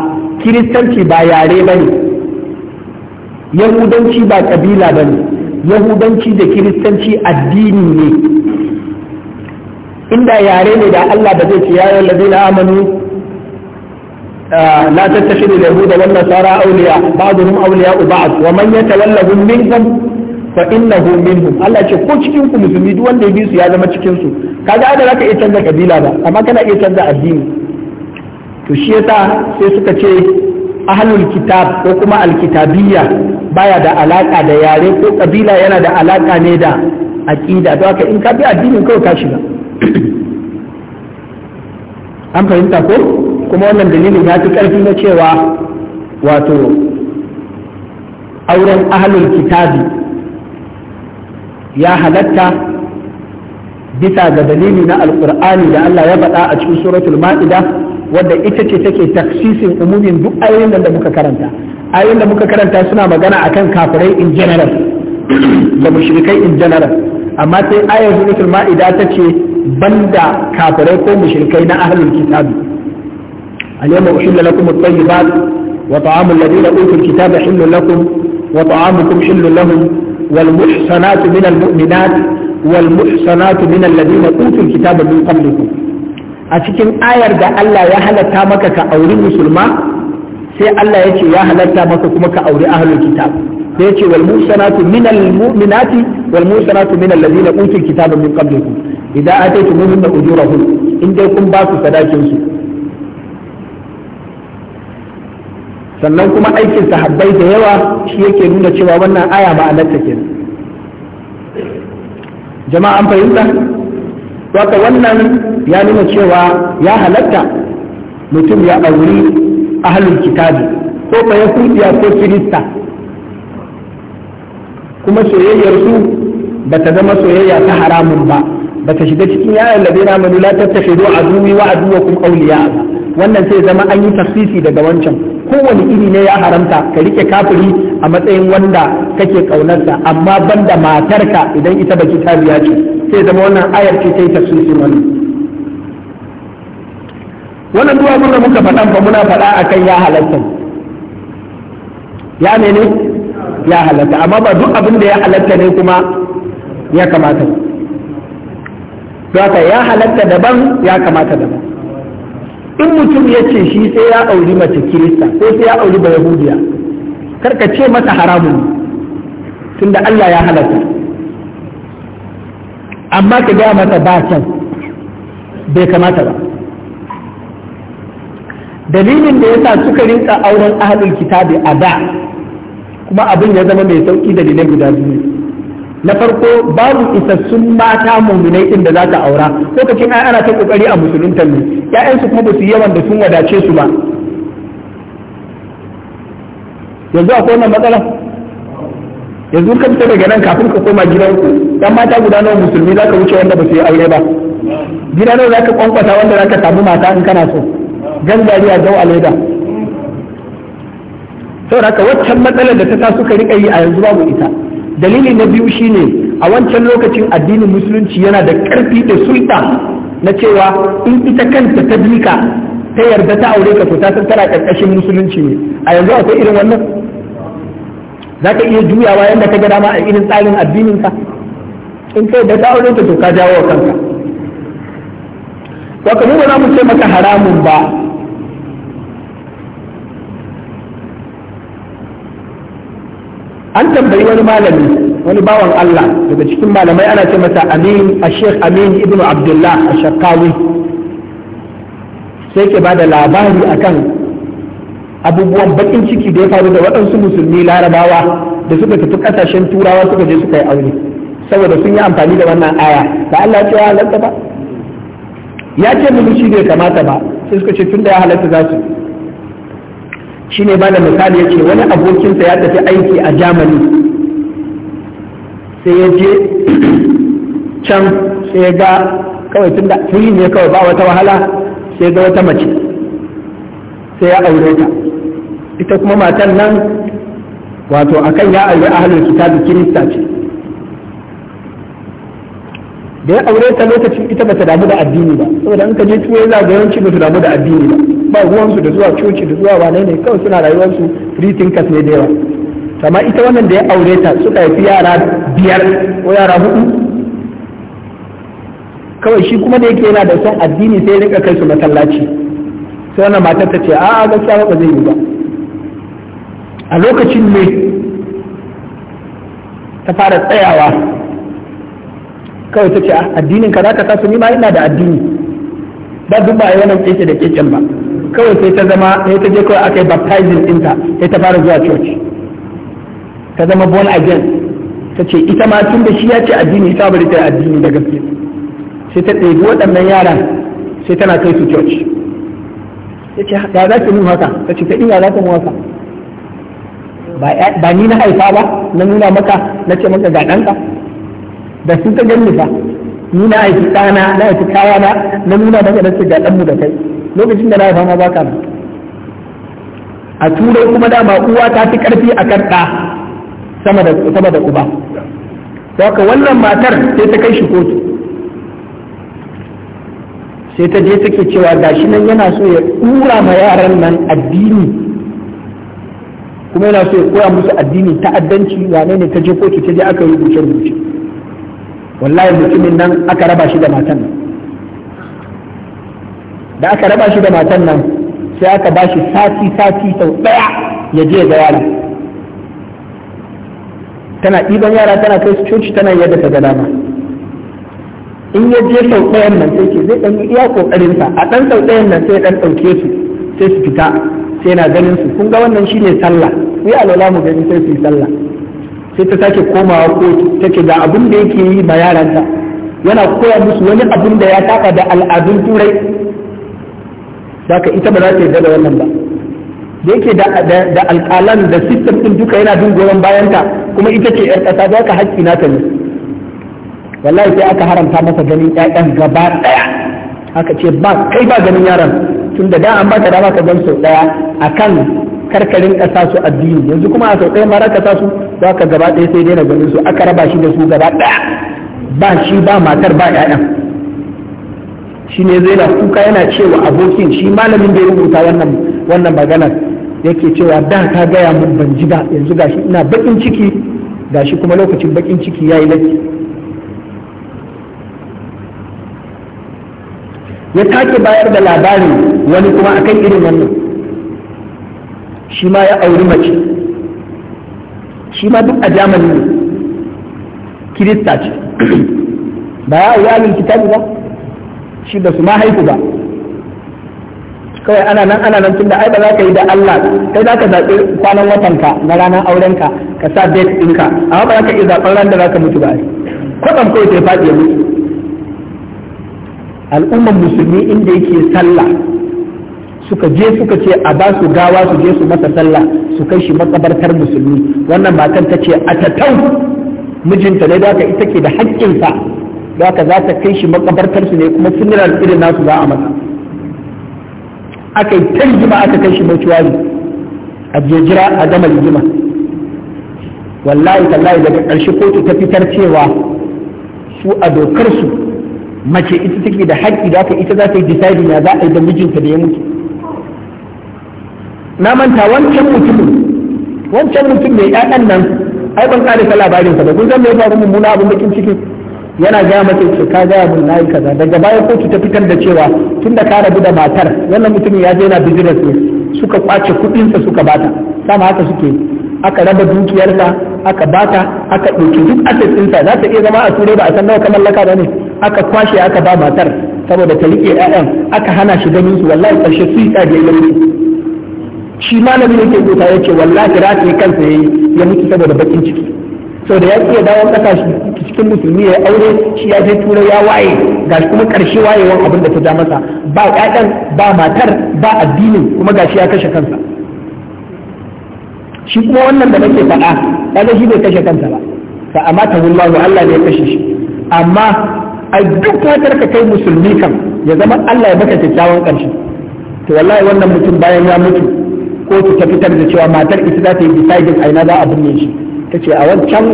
S1: kiristanci ba yare bane yahudanci ba kabila bane yahudanci da kiristanci addini ne inda yare ne da Allah ba zai ce ya yi lazina amanu لا تتخذوا اليهود والنصارى أولياء بعضهم أولياء بعض ومن يتولهم منكم fa innahu minhum Allah ce ko cikin ku musulmi duk wanda ya bi su ya zama cikin su kaga ada zaka iya canza kabila ba amma kana iya canza addini to shi yasa sai suka ce ahlul kitab ko kuma alkitabiyya baya da alaka da yare ko kabila yana da alaka ne da aqida to haka in ka bi addinin kawai ka shiga an fahimta ko kuma wannan dalilin ya fi karfi na cewa wato auren ahlul kitabi ya halatta bisa ga dalili na alkur'ani da Allah ya faɗa a cikin suratul ma'ida wadda ita ce take taksisin umumin duk ayoyin da muka karanta ayoyin da muka karanta suna magana akan kafirai in general da mushrikai in general amma sai ayar suratul ma'ida ta ce banda kafirai ko mushrikai na ahlul kitab al-yawma uhilla lakum at-tayyibat wa ta'amul ladina utul kitaba hillun lakum wa ta'amukum hillun lahum wal muhsanatu min al a cikin ayar da Allah ya halatta maka ka auri musulma sai Allah ya ya halatta maka kuma ka auri ahlul kitab sai ya ce wal muhsanatu in dai kun sannan kuma aikin sahabbai da yawa shi yake nuna cewa wannan aya a ke jama'a an fahimta wata wannan ya nuna cewa ya halatta mutum ya auri ahalin kitabi ko fa yahudiya ko kirista kuma soyayyar su ba ta zama soyayya ta haramun ba ba ta shiga cikin ya allabe ta manu a tattashidu a wa kuma auliya ba wannan sai zama an yi tafsisi daga wancan kowane iri ne ya haramta ka rike kafiri a matsayin wanda kake kaunarsa amma banda matarka idan ita baki ta biya ce sai zama wannan ayar ce ta yi tafsirin wannan wannan duwatsun da muka faɗan fa muna faɗa akan ya halatta ya ne ne? ya halatta amma ba duk abin da ya halatta ne kuma ya kamata ba. ya halatta daban ya kamata daban in mutum ya ce shi sai ya auri mace kirista ko sai ya auri ba yahudiya karka ce masa haramun tunda Allah ya halatta amma ka gaya masa ba can bai kamata ba dalilin da ya sa suka rinka auren ahalin kitabi a da kuma abin ya zama mai sauki dalilin guda biyu na farko babu isassun mata muminai inda da za ta aura lokacin ai ana ta kokari a musulunta ne su kuma ba su yawan da sun wadace su ba yanzu akwai wannan matsala yanzu ka fita daga nan kafin ka koma gidanku dan mata guda nawa musulmi za ka wuce wanda ba su yi aure ba gida nawa za ka kwankwasa wanda za ka samu mata in kana so gangariya zau a leda saboda haka waccan matsalar da ta sa suka rika yi a yanzu babu ita dalili na biyu shine a wancan lokacin addinin musulunci yana da ƙarfi da sulta na cewa in ita kanta ta bi ta yarda ta aure ka to ta san tana ƙarƙashin musulunci ne a yanzu akwai irin wannan za ka iya juyawa yadda ka ga dama a irin tsarin addinin ka in kai da ta aure ka to ka jawo wa kanka wa kamar ba za mu ce maka haramun ba an tambayi wani malami wani bawan Allah daga cikin malamai ana ce masa Amin a Sheikh Amin ibn Abdullah a Shakawi sai ke ba da labari akan abubuwan bakin ciki da ya faru da waɗansu musulmi larabawa da suka tafi ƙasashen turawa suka je suka yi aure saboda sun yi amfani da wannan aya da Allah ya ce ya halatta ba ya ce mu shi bai kamata ba sai suka ce tunda ya halatta za su ne ba da misali ya ce wani abokinsa ya tafi aiki a jamani sai ya je can sai ya ga kawai tun da fili ne kawai ba wata wahala sai ga wata mace sai ya aure ta ita kuma matan nan wato akan ya aure ahalin kitabu kirista ce da ya aure ta lokacin ita ba ta damu da addini ba saboda in ka je tuwo za ga yawanci ta damu da addini ba ba ruwansu da zuwa coci da zuwa wane ne kawai suna rayuwarsu free thinkers ne da yawa kama ita wannan da ya aure ta suka haifi yara biyar ko yara hudu kawai shi kuma da yake yana da son addini sai rika kai su masallaci sai wannan matar ta ce a gaskiya ba zai yi ba a lokacin ne ta fara tsayawa kawai ta ce ah, addinin ka za ka tasu ni ma ina da addini ba duk ba a yi wannan keke da keken ba kawai sai ta zama sai ta je kawai aka yi baptizing ɗinta sai ta fara zuwa coci ta zama born again ta ce ita ma tun da shi ya ce addini ta bari ta addini da gaske sai ta ɗebi waɗannan yaran sai tana kai su coci ta ce ya za ki mun haka ta ce ta ina za ka mun haka ba ni na haifa ba na nuna maka na ce maka ga ɗanka da sun ta gani fa ni na aiki ɗana na aiki kayana na nuna daga da su ga ɗanmu da kai lokacin da na haifa ma baka a turai kuma dama uwa ta fi ƙarfi a kan ɗa sama da uba ka wannan matar sai ta kai shi kotu sai ta je take cewa gashi nan yana so ya ɗura ma yaran nan addini kuma yana so ya koya musu addini ta'addanci wane ne ta je kotu ta je aka yi rubuce rubuce wallahi mutumin nan aka raba shi da matan nan da aka raba shi da matan nan sai aka ba shi sati sati sau daya ya je ga yara tana ɗiban yara tana kai su coci tana yadda ta ga dama in ya je sau ɗayan nan sai ke zai ɗan iya ƙoƙarinsa a ɗan sau ɗayan nan sai ɗan ɗauke su sai su fita sai na ganin su kun ga wannan shine sallah ku yi alwala mu gani sai su yi sallah sai ta sake komawa kotu take ga abin da yake yi ma yaranta yana koya musu wani abin da ya taka da al'adun turai ka ita ba za ta yarda da wannan ba da yake da alƙalan da sistem ɗin duka yana bin bayan bayanta kuma ita ce 'yar ƙasa za ka haƙƙi na ta ne wallahi sai aka haramta masa ganin 'ya'yan gaba ɗaya aka ce ba kai ba ganin yaran tunda da an ba ta dama ka gan sau ɗaya akan karkarin kasa su addini yanzu kuma a sauƙai mara ƙasa su za ka gaba ɗaya sai daina ganin su aka raba shi da su gaba ɗaya ba shi ba matar ba ƴaƴan shi ne zai na kuka yana cewa abokin shi malamin da ya rubuta wannan wannan maganar yake cewa da ka gaya mun ban ji ba yanzu gashi ina bakin ciki gashi kuma lokacin bakin ciki ya yi laki ya take bayar da labarin wani kuma akan irin wannan shi ma ya auri mace shi ma duk a jamani ne kirista ce ba ya auri alin kitabu ba shi da su ma haiku ba kawai ana nan ana nan tunda ai ba za ka yi da Allah kai za ka zaɓi kwanan watanka na ranar aurenka ka sa bet ɗinka amma ba za ka iya zaɓen ran da za ka mutu ba kwatsam kawai sai faɗi ya mutu al'ummar musulmi inda yake sallah suka je suka ce a ba su gawa su je su masa sallah su kai shi matsabartar musulmi wannan matan ta ce a tatau mijinta ne da ita ke da haƙƙinsa da aka za ta kai shi makabartar su ne kuma similar irin nasu za a masa aka yi tarjima aka kai shi mortuary a jejira a gama rigima wallahi tallahi daga ƙarshe kotu ta fitar cewa su a dokar su mace ita take da haƙƙi da aka ita za ta yi deciding ya za a yi da mijinta da ya mutu na manta wancan mutumin wancan mutum mai ƴaƴan nan ai ban ƙarisa labarinsa ba kun san me ya faru mummuna abin bakin ciki yana gaya mace ce ka gaya mun nayi kaza daga baya kotu ta fitar da cewa tunda ka rabu da matar wannan mutumin ya je yana business ne suka kwace kuɗinsa suka bata sama haka suke aka raba dukiyarsa aka bata aka ɗauki duk asset ɗinsa za ta iya zama a turai ba a san nawa ka mallaka ba ne aka kwashe aka ba matar saboda ta rike 'ya'yan aka hana shi ganin su wallahi ƙarshe tsari ya yi shi malamin yake kuta yake wallahi rafi kansa yayi ya mutu saboda bakin ciki da ya iya dawo kasa cikin musulmi ya aure shi ya je turai ya waye gashi kuma karshe wayewan abin da ta ja masa ba ƴaƴan ba matar ba addinin kuma gashi ya kashe kansa shi kuma wannan da nake faɗa kaga shi bai kashe kansa ba fa amma wallahi Allah ne ya kashe shi amma a duk fatar ka kai musulmi kan ya zama Allah ya baka kyakkyawan karshe to wallahi wannan mutum bayan ya mutu Ko kotu ta fitar da cewa matar ita za ta yi deciding a ina za a binne shi ta ce a wancan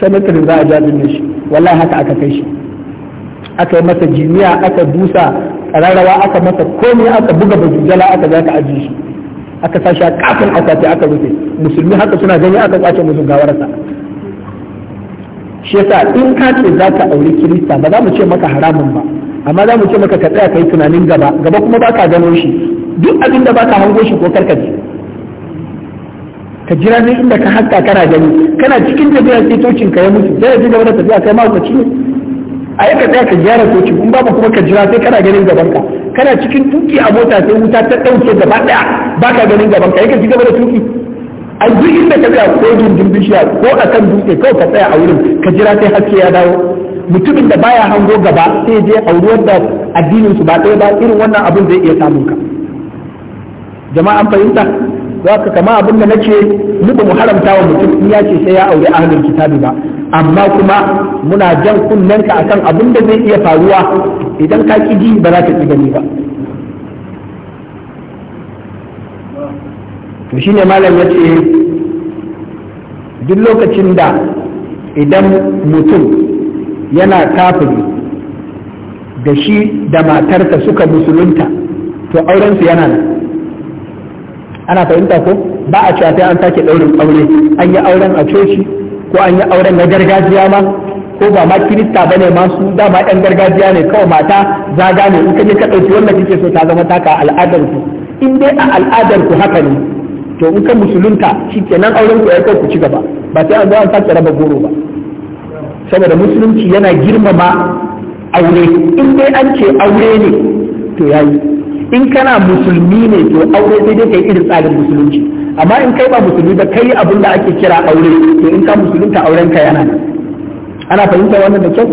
S1: sanatarin za a ja binne shi wallahi haka aka kai shi aka yi masa jiniya aka dusa kararrawa aka masa komai aka buga bajujala aka za ka ajiye shi aka sa shi a kafin akwati aka rufe musulmi haka suna gani aka kwace musu gawarsa shi yasa in ka ce za ka auri kirista ba za mu ce maka haramun ba amma za mu ce maka ka tsaya ka yi tunanin gaba gaba kuma ba ka gano shi duk abin da baka hango shi ko karkace ka jira ne inda ka haska kana gani kana cikin tafiya sai tocin ka ya mutu sai ji gaba da tafiya kai ma ka ci a ka tsaya ka gyara tocin in babu kuma ka jira sai kana ganin gaban ka kana cikin tuki a mota sai wuta ta dauke gaba daya baka ganin gaban ka yake ji gaba da tuki a duk inda ka tsaya ko gindin bishiya ko akan dutse ko ka tsaya a wurin ka jira sai haske ya dawo mutumin da baya hango gaba sai je a wurin da addinin su ba ɗaya ba irin wannan abin zai iya samun ka jama'an fahimta za ka kama abin da nace mu ba mu haramta wa mutum in ya ce sai ya aure ahlul kitabi ba amma kuma muna jan kunnen ka akan abin da zai iya faruwa idan ka ki ji ba za ka ki gani ba to shine malam ya ce duk lokacin da idan mutum yana kafiri da shi da matarka suka musulunta to aurensu yana nan ana fahimta ko ba a cewa sai an sake ɗaurin aure an yi auren a coci ko an yi auren na gargajiya ma ko ba ma kirista ba ne ma su dama ɗan gargajiya ne kawai mata zaga ne in ka je ka ɗauki wannan kike so ta zama taka al'adar ku in dai a al'adar ku haka ne to in ka musulunta shikenan auren ku ya kai ku ci gaba ba sai an zo an sake raba goro ba saboda musulunci yana girmama aure in dai an ce aure ne to yayi in kana musulmi ne to aure sai dai kai irin tsarin musulunci amma in kai ba musulmi ba kai abin da ake kira aure to in ka musulunta auren ka yana ana fahimta wannan da kyau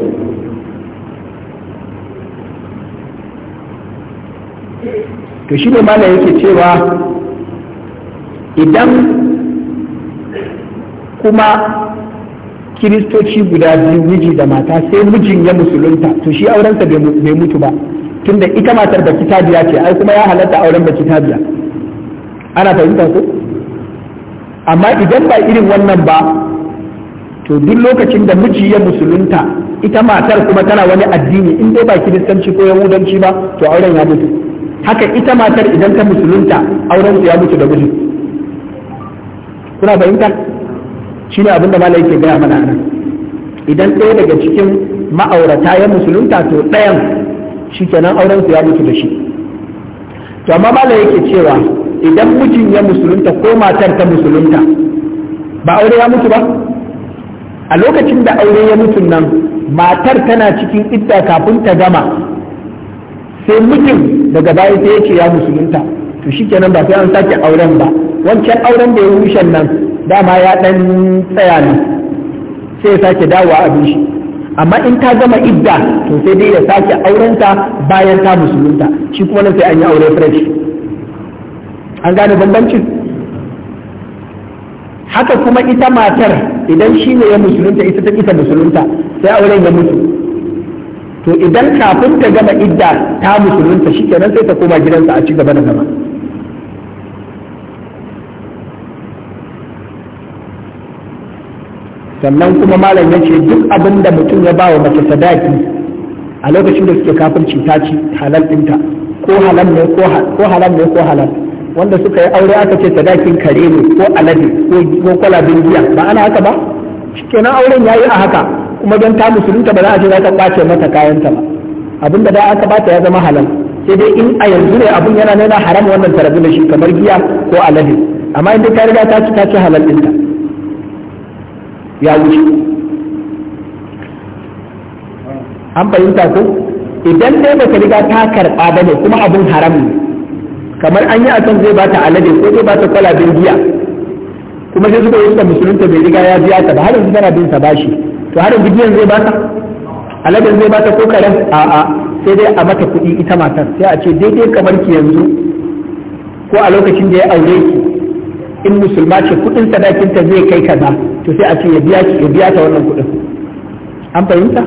S1: to shi ne mala yake cewa idan kuma kiristoci guda biyu miji da mata sai mijin ya musulunta to shi aurensa bai mutu ba tunda ita matar ba kitabiya ce ai kuma ya halatta auren ba kitabiya ana fahimta ko amma idan ba irin wannan ba to duk lokacin da miji ya musulunta ita matar kuma tana wani addini in dai ba kiristanci ko yahudanci ba to auren ya mutu haka ita matar idan ta musulunta auren ya mutu da miji kuna fahimta shi ne abinda malai yake gaya mana nan idan ɗaya daga cikin ma'aurata ya musulunta to ɗayan shi kenan auren su ya mutu da shi to amma malai yake cewa idan mutum ya musulunta ko matar ta musulunta ba aure ya mutu ba a lokacin da aure ya mutu nan matar tana cikin idda kafin ta gama sai mijin daga baya sai ya ya musulunta to shi kenan ba sai an sake auren ba wancan auren da ya rushen nan dama ya ɗan tsaya ne sai ya sake dawowa abin shi amma in ta gama idda to sai dai ya sake aurenta bayan ta musulunta shi kuma nan sai an yi aure fresh an gane bambancin haka kuma ita matar idan shi ne ya musulunta ita ta ita musulunta sai auren ya mutu to idan kafin ta gama idda ta musulunta shi kenan sai ta koma gidansa a ci gaba da zama sannan kuma malam ya ce duk abin da mutum ya ba wa mace sadaki a lokacin da suke kafirci ta ci halal ɗinta ko halal ne ko halal wanda suka yi aure aka ce sadakin kare ne ko alade ko kwalabin giya ba ana haka ba kenan auren ya yi a haka kuma don ta musulunta ba za a ce za ta kwace mata kayanta ba abin da da aka bata ya zama halal sai dai in a yanzu ne abin yana nuna haram wannan tarabi shi kamar giya ko alade amma in ta riga ta ci ta ci halal ɗinta ya wuce an fahimta ko idan dai baka riga ta karɓa ba ne kuma abin haram ne kamar an yi akan zai bata alade ko zai bata kwalabin giya kuma sai suka yi musulunta bai riga ya biya ta ba har yanzu tana bin sa bashi to har yanzu giyan zai bata aladen zai bata ko karen a'a sai dai a mata kuɗi ita matar sai a ce daidai kamar ki yanzu ko a lokacin da ya aure ki in musulma ce kuɗin sadakinta zai kai kaza to sai a ce ya biya ki ya biya ta wannan kuɗin an fahimta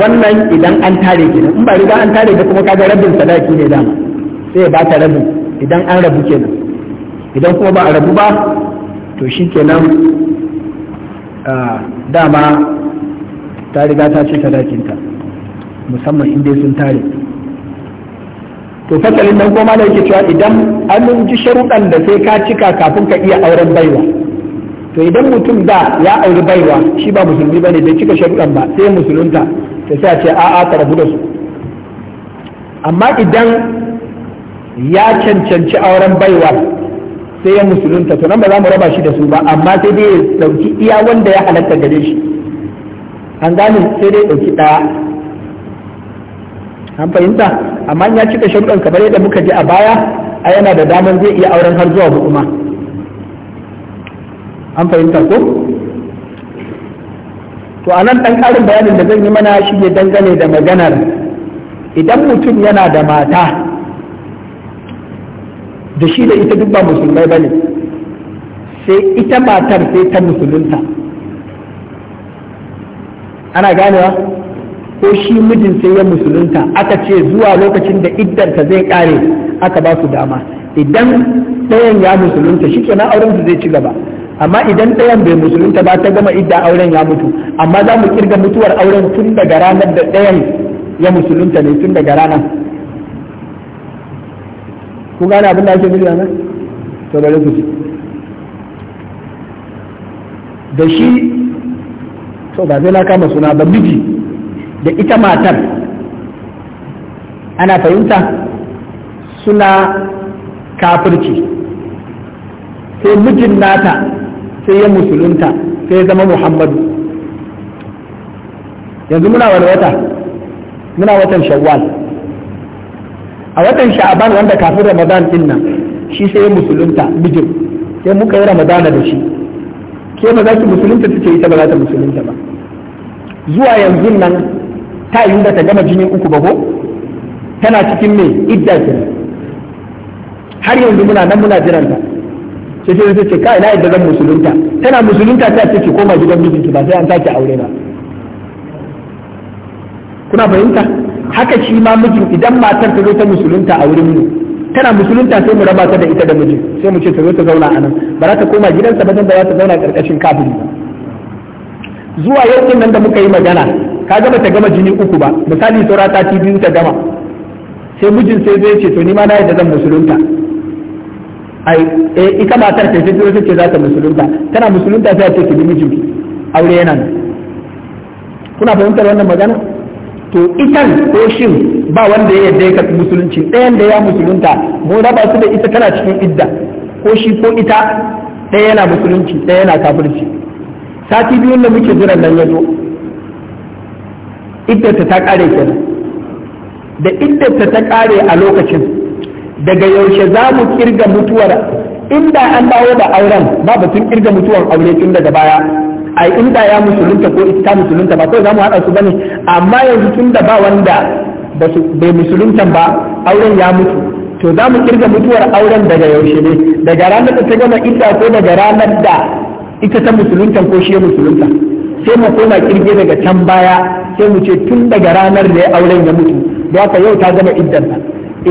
S1: wannan idan an tare kenan in ba riga an tare da kuma kaga rabin sadaki ne dama sai ya ba ta rabin idan an rabu kenan idan kuma ba a rabu ba to shi kenan dama ta riga ta ce sadakinta musamman in dai sun tare to fasalin nan ko malam yake cewa idan an ji sharuɗan da sai ka cika kafin ka iya auren baiwa to idan mutum da ya auri baiwa shi ba musulmi bane bai cika sharuɗan ba sai musulunta ta sai a ce a'a ka rabu da su amma idan ya cancanci auren baiwa sai ya musulunta to nan ba za mu raba shi da su ba amma sai dai ya ɗauki iya wanda ya halatta gare shi an gane sai dai ɗauki ɗaya an fahimta amma ya cika sharuɗan kamar yadda muka ji a baya a yana da daman zai iya auren har zuwa hudu ma an fahimta ko to anan ɗan ƙarin bayanin da zan yi mana shi ne dangane da maganar idan mutum yana da mata da shi da ita duk ba musulmai ba ne sai ita matar sai ta musulunta ana ganewa ko shi mijin sai ya musulunta aka ce zuwa lokacin da iddarta zai kare aka ba su dama idan ɗayan ya musulunta shi kenan auren su zai ci gaba amma idan ɗayan bai musulunta ba ta gama idda auren ya mutu amma za mu kirga mutuwar auren tun daga ranar da ɗayan ya musulunta ne tun daga ranar ku gane abin da ake nufi a to da lokaci da shi to ba zai na kama suna ba miji da ita matar ana fahimta suna kafirci sai mijin nata sai ya musulunta sai ya zama muhammadu yanzu muna wani wata muna watan shawwal a watan sha'aban wanda kafin ramadan din nan shi sai ya musulunta mijin sai muka yi ramadana da shi ke ba za ki musulunta ta ce ita ba za ta musulunta ba zuwa yanzu nan ta yi da ta gama jini uku ba ko tana cikin mai idda ce har yanzu muna nan muna jiran ta sai sai sai ce kai na idda zan musulunta tana musulunta ta ce ki koma gidan mijinki ba sai an sake aure ba kuna fahimta haka shi ma mijin idan matar ta zo ta musulunta a wurin mu tana musulunta sai mu raba ta da ita da mijin sai mu ce ta zo ta zauna anan. ba za ta koma gidansa ba dan ba za ta zauna karkashin kafiri ba zuwa yau nan da muka yi magana ka gama ta gama jini uku ba misali saura sati biyu ta gama sai mijin sai zai ce to ni ma na yadda zan musulunta ai eh ita matar ta ce ta ce za ta musulunta tana musulunta sai ta ce ki bi mijinki aure yana nan kuna fahimtar wannan magana to ita ko shin ba wanda ya yadda ya musulunci ɗayan da ya musulunta mu raba su da ita tana cikin idda ko shi ko ita ɗaya yana musulunci ɗaya yana kafirci sati biyun da muke jiran nan ya zo iddarta ta kare kenan da iddarta ta kare a lokacin daga yaushe za mu kirga mutuwar inda an dawo da auren ba batun kirga mutuwar aure tun daga baya a inda ya musulunta ko ita musulunta ba kawai za mu haɗa su bane amma yanzu tun da ba wanda bai musulunta ba auren ya mutu to za mu kirga mutuwar auren daga yaushe ne daga ranar da ta gama ita ko daga ranar da ita ta musulunta ko shi ya musulunta sai mu koma kirge daga can baya sai mu ce tun daga ranar da ya auren ya mutu da haka yau ta gama iddan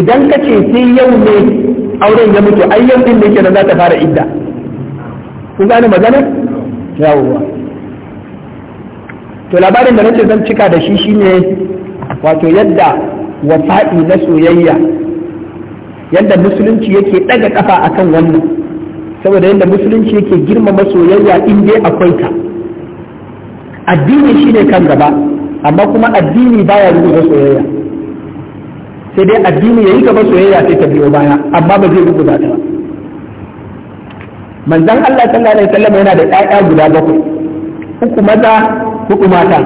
S1: idan ka ce sai yau ne auren ya mutu ai yau din da yake nan za ta fara idda kun gane magana yawwa to labarin da nace zan cika da shi shine wato yadda wafa'i na soyayya yadda musulunci yake daga kafa akan wannan saboda yadda musulunci yake girmama soyayya in dai akwai ka, addini shine kan gaba amma kuma addini baya rubuta soyayya sai dai addini ya yi gaba soyayya sai ta biyo baya amma ba zai rubuta ta manzan Allah sallallahu alaihi wasallam yana da ƴaƴa guda bakwai uku maza uku mata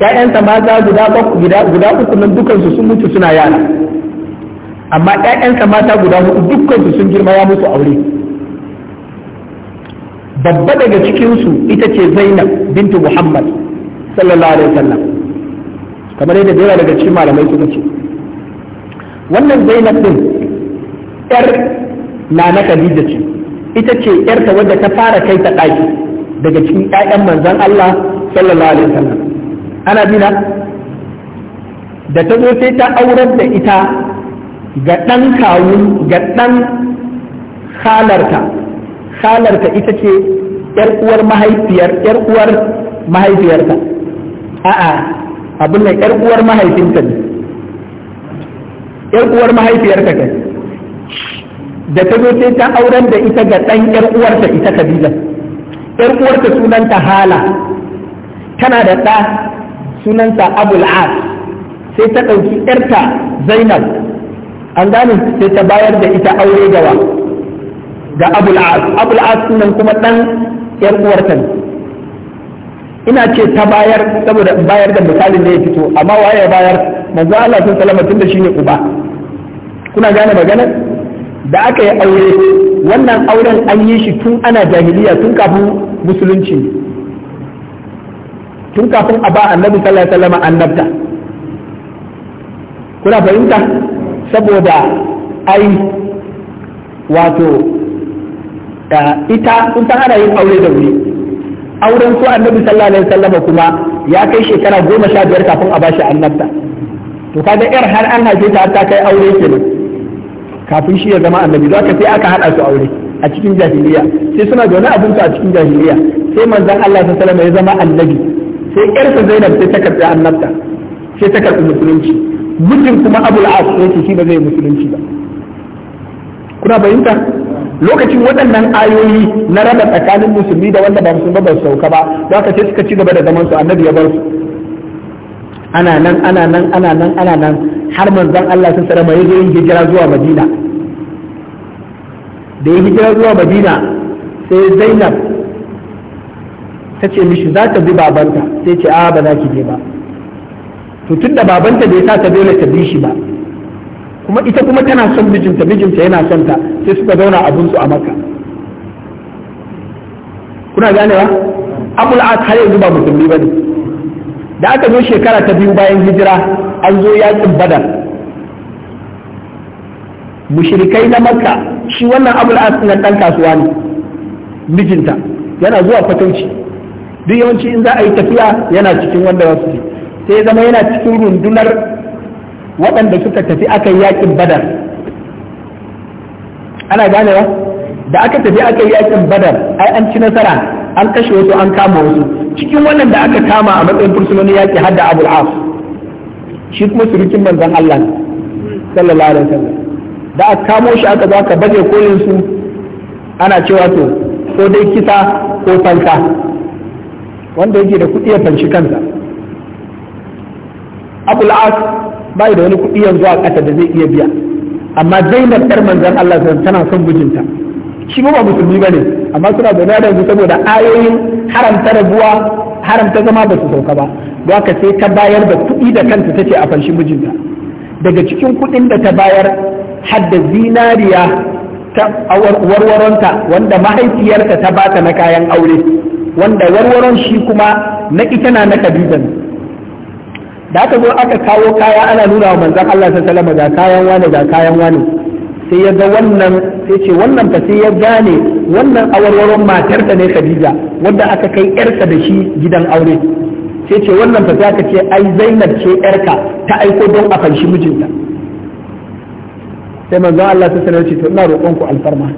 S1: ƴaƴansa maza guda guda guda uku nan dukan su sun mutu suna yara amma ƴaƴansa mata guda huɗu dukkan su sun girma ya mutu aure babba daga cikinsu ita ce zainab bintu muhammad sallallahu alaihi wasallam kamar yadda dora daga cikin malamai suka ce wannan zainab din yar nana khadija ce ita ce ta wadda ta fara kai ta daki daga cikin ƴaƴan manzon Allah sallallahu alaihi wasallam ana bina da ta zo sai ta aurar da ita ga ɗan kawun ga ɗan halarta halarta ita ce ‘yar uwar mahaifiyar ‘yar uwar mahaifiyarta a'a abin nan yar uwar mahaifinka ne yar uwar mahaifiyarka kai da ta zo sai ta auren da ita ga ɗan yar uwarta ita kabila yar uwarta sunanta hala tana da ɗa sunanta abul as sai ta ɗauki yarta zainab an gane sai ta bayar da ita aure gawa ga abul as abul as sunan kuma ɗan yar uwarta ne ina ce ta bayar saboda bayar da misalin da ya fito amma waye ya bayar manzo Allah sun salama tun da shine uba kuna gane magana da aka yi aure wannan auren an yi shi tun ana jahiliya tun kafin musulunci tun kafin a ba annabi sallallahu alaihi wasallam annabta kuna fahimta saboda ai wato ita in ana yin aure da wuri auren su annabi sallallahu alaihi wasallam kuma ya kai shekara goma sha biyar kafin a bashi annabta to kaga yar har an haife ta har ta kai aure kenan kafin shi ya zama annabi ka sai aka hada su aure a cikin jahiliya sai suna da wani abin a cikin jahiliya sai manzon Allah sallallahu alaihi wasallam ya zama annabi sai sa Zainab sai ta karbi annabta sai ta karbi musulunci mutum kuma Abul As sai shi ba zai musulunci ba kuna bayinta lokacin waɗannan ayoyi na raba tsakanin musulmi da wanda ba musulmi ba sauka ba za ka ce suka ci gaba da zaman su annabi ya bar su ana nan ana nan ana nan ana nan har manzon Allah sun sarama ya zo yin hijira zuwa Madina da ya hijira zuwa Madina sai Zainab ta ce mishi za ta bi babanta sai ce a ba za ki je ba to tunda babanta bai sa ta dole ta bi shi ba kuma ita kuma tana son mijinta mijinta yana son ta sai suka zauna abun su a maka kuna ganewa abul a har yanzu ba musulmi bane da aka zo shekara ta biyu bayan hijira an zo yakin badar mushrikai na maka shi wannan abul as na dan kasuwa ne mijinta yana zuwa fatauci duk yawanci in za a yi tafiya yana cikin wanda wasu sai zama yana cikin rundunar waɗanda suka tafi aka yi yakin badar ana ganewa da aka tafi aka yi yakin badar ai an ci nasara an kashe wasu an kama wasu cikin wannan da aka kama a matsayin fursunoni yaki hadda abul Af, shi kuma surukin manzan Allah sallallahu alaihi wasallam da aka kamo shi aka zo aka baje kolin su ana cewa to ko dai kisa ko fanka wanda yake da kuɗi ya fanci kansa abul as bai da wani kuɗi yanzu a ƙasa da zai iya biya amma zainab ɗar manzan Allah tana son mijinta shi ba musulmi ba ne amma suna da na yanzu saboda ayoyin haramta rabuwa haramta zama ba su sauka ba don haka sai ta bayar da kuɗi da kanta ta ce a fanshi mijinta daga cikin kuɗin da ta bayar hadda zinariya ta warwaronta wanda mahaifiyarta ta bata na kayan aure wanda warwaron shi kuma na ita na na kabiza da aka zo aka kawo kaya ana nuna wa manzan Allah ta salama ga kayan wani ga kayan wani sai ya ga wannan sai ce wannan fa sai ya gane wannan awarwaron matar ta ne Khadija wanda aka kai yarsa da shi gidan aure sai ce wannan fa sai aka ce ai Zainab ce yarka ta aiko don a fanshi mijinta sai manzon Allah ta salama ce to ina roƙon ku alfarma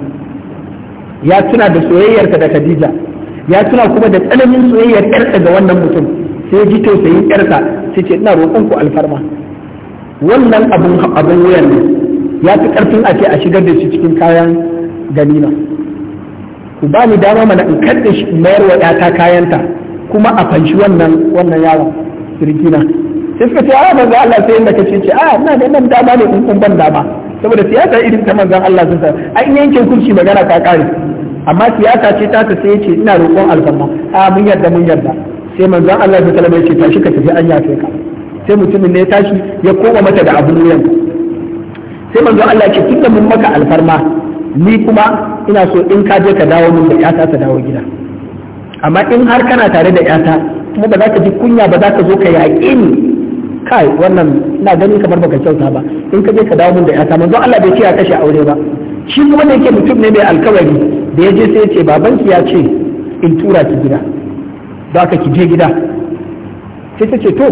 S1: ya tuna da soyayyarta da Khadija ya tuna kuma da tsananin soyayyar yarsa ga wannan mutum sai ji tausayin yarsa sai ce ina roƙon ku alfarma wannan abun abun wuyan ne ya fi ƙarfin a ce a shigar da shi cikin kayan ganima ku ba ni dama mana in karɗe shi in mayar wa ƴata kayanta kuma a fanshi wannan wannan yaron sirgina sai suka ce a ah, manzo Allah sai inda kace ce a ah, ina da nan dama ne in kun ban dama saboda siyasa irin ta manzon Allah sun sa in yankin kurshi magana ta kare amma siyasa ce ta ta sai ce ina roƙon alfarma a ah, mun yarda mun yarda sai manzon Allah ya kalla yake ya ce tashi ka tafi anya yafe ka sai mutumin ne ya tashi ya koma mata da abun wuyan sai manzon Allah ce tunda mun maka alfarma ni kuma ina so in ka je ka dawo mun da yata ta dawo gida amma in har kana tare da yata kuma ba za ka ji kunya ba za ka zo ka yaƙi ni kai wannan ina ganin kamar baka kyauta ba in ka je ka dawo mun da yata manzon Allah bai ce ya kashe aure ba shi kuma da yake mutum ne mai alkawari da ya je sai ya ce babanki ya ce in tura ki gida da aka ki je gida sai ta ce to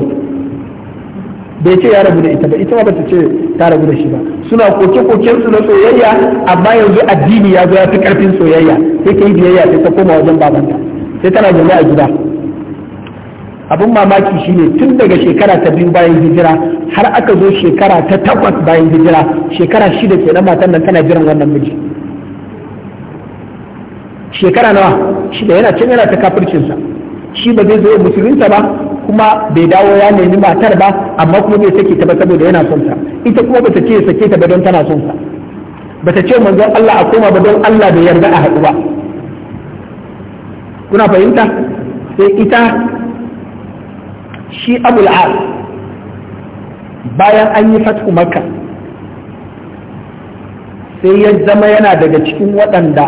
S1: bai ce ya rabu da ita ba ita ba ta ce ta rabu da shi ba suna koke koken su na soyayya amma yanzu addini ya zo ya fi karfin soyayya sai ta yi biyayya sai ta koma wajen babanta sai tana zaune a gida abin mamaki shine tun daga shekara ta biyu bayan hijira har aka zo shekara ta takwas bayan hijira shekara shida ke matan nan tana jiran wannan miji shekara nawa shida yana can yana ta kafircinsa shi ba zai zo ya musulunta ba kuma bai dawo ya nemi matar ba amma kuma bai sake ta ba saboda yana son ta ita kuma bata ce sake ta ba don tana son sa bata ce manzon Allah a koma ba don Allah bai yarda a haɗu ba kuna fahimta sai ita shi abul al bayan an yi fatu makka sai ya zama yana daga cikin waɗanda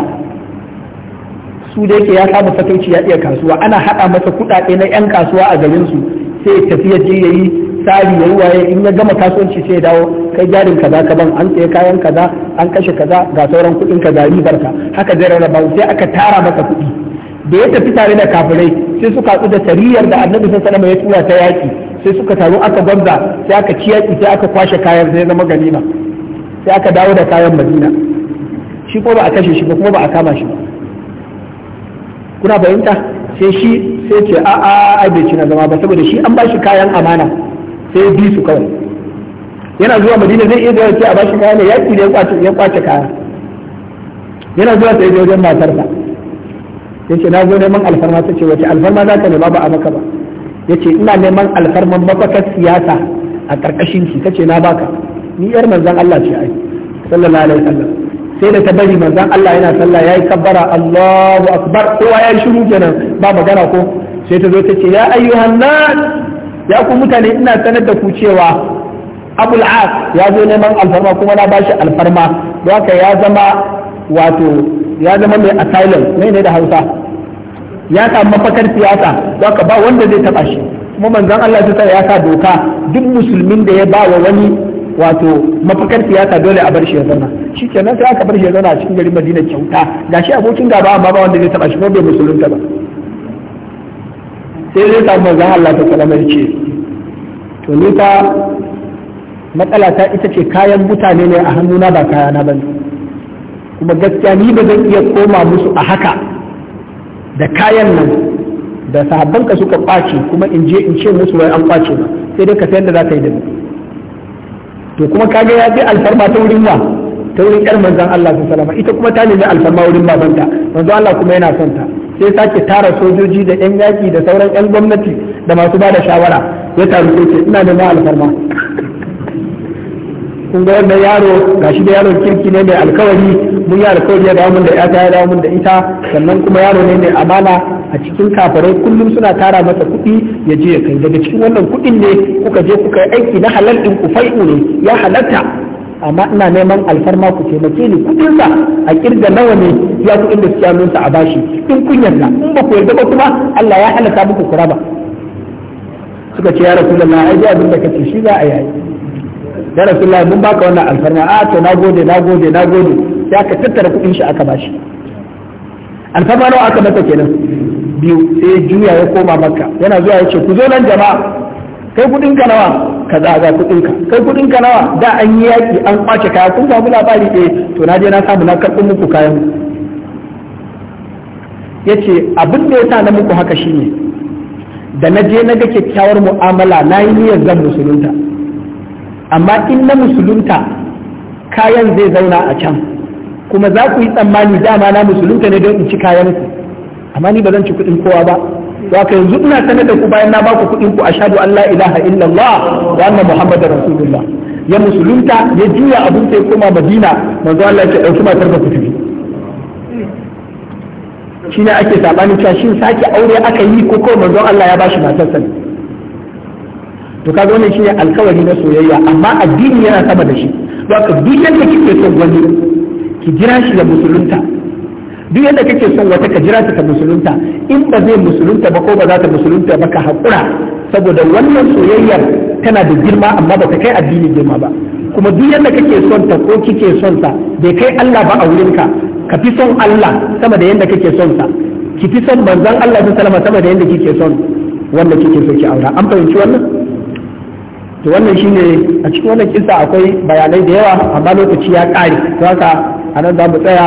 S1: su da yake ya samu fatauci ya iya kasuwa ana haɗa masa kuɗaɗe na 'yan kasuwa a garin su sai tafi ya je ya yi tsari ya waye in ya gama kasuwanci sai ya dawo kai jarin kaza ka ban an tsaye kayan kaza an kashe kaza ga sauran kuɗin kaza yi barka haka zai rarraba sai aka tara masa kuɗi da ya tafi tare da kafirai sai suka haɗu da tariyar da annabi sallallahu alaihi wasallam ya tura ta yaki sai suka taru aka gwamza sai aka ci yaki sai aka kwashe kayan sai zama ganima sai aka dawo da kayan madina shi ko ba a kashe shi ba kuma ba a kama shi ba kuna fahimta sai shi sai ce a a a bai ci na zama ba saboda shi an bashi kayan amana sai bi su kawai yana zuwa madina zai iya zuwa a bashi kayan yaki da ya kwace ya kwace kaya yana zuwa sai da wajen matarsa yace na zo neman alfarma ta ce wace alfarma za ka nema ba a maka ba yace ina neman alfarman mafakar siyasa a karkashin ki ce na baka ni yar manzon Allah ce ai sallallahu alaihi wasallam sai da ta bari manzon Allah yana sallah yayi kabbara Allahu akbar kowa ya shiru kenan ba magana ko sai ta zo ta ce ya ayyuhan nas ya ku mutane ina sanar da ku cewa Abul As ya zo neman alfarma kuma na bashi alfarma don haka ya zama wato ya zama mai asylum ne ne da Hausa ya samu mafakar siyasa don haka ba wanda zai taba shi kuma manzon Allah ya sa doka duk musulmin da ya ba wa wani wato mafakar siyasa dole a bar shi ya zauna shi kenan sai aka bar shi ya zauna a cikin garin madina kyauta gashi abokin gaba amma ba wanda zai taba shi ko bai musulunta ba sai zai samu manzon Allah ta sallama ya ce to ni fa matsala ta ita ce kayan mutane ne a hannuna ba kayana bane kuma gaskiya ni ba zan iya koma musu a haka da kayan nan da sahabbanka suka kwace kuma in je in ce musu wai an kwace ba sai dai ka sayar da za ka yi da ba. to kuma kaga ya je alfarma ta wurin wa ta wurin yar manzon Allah sallallahu salama. ita kuma ta nemi alfarma wurin babanta manzon Allah kuma yana son ta sai sake tara sojoji da yan yaki da sauran yan gwamnati da masu bada shawara ya taru sai ce ina neman alfarma kun ga wannan yaro gashi da yaron kirki ne mai alkawari mun yi alkawari ya dawo mun da yata ya dawo mun da ita sannan kuma yaro ne mai amana a cikin kafarai kullum suna tara masa kuɗi ya je ya kai daga cikin wannan kuɗin ne kuka je kuka yi aiki na halal din ku fai'u ne ya halatta amma ina neman alfarma ku taimake ni kuɗin sa a kirga nawa ne ya kuɗin da suke sa a bashi in kunyar na in ba ku yarda ba kuma Allah ya halatta muku ku raba suka ce ya rasulullahi ai abin da kace shi za a yi ya rasulullahi mun baka wannan alfarma a ah, to nagode nagode nagode ya ka tattara kuɗin shi aka bashi alfarma nawa aka mata kenan biyu sai juya ya koma maka yana zuwa ya ce ku zo nan jama'a kai kudin ka nawa ka zaga kudin ka kai kudin ka nawa da an yi yaki an kwace kaya kun samu labari eh to na je na samu na karɓi muku kayan yace abin da ya sa na muku haka shine da na je na ga kyakkyawar mu'amala na yi niyyar zan musulunta amma in na musulunta kayan zai zauna a can kuma za ku yi tsammani dama na musulunta ne don in ci kayan ku amma ni ba zan ci kuɗin kowa ba to yanzu ina sanar da ku bayan na baku kuɗin ku ashadu an la ilaha illallah wa anna muhammadar rasulullah ya musulunta ya juya abin sai koma madina manzo Allah ya dauki matar ba ku tafi shi ne ake sabanin cewa shin sake aure aka yi ko ko manzo Allah ya bashi matar sani to kaga wannan shine alkawari na soyayya amma addini yana sama da shi haka duk yadda kike son wani ki jira shi da musulunta duk yadda kake son wata ka jira ta musulunta in ba zai musulunta ba ko ba za ta musulunta ba ka haƙura saboda wannan soyayyar tana da girma amma ba ta kai addini girma ba kuma duk yadda kake son ta ko kike son ta bai kai Allah ba a wurinka ka fi son Allah sama da yadda kake son sa ki fi son manzon Allah ta salama sama da yadda kike son wanda kike so ki aura an fahimci wannan to wannan shine a cikin wannan kisa akwai bayanai da yawa amma lokaci ya ƙare to haka a nan za mu tsaya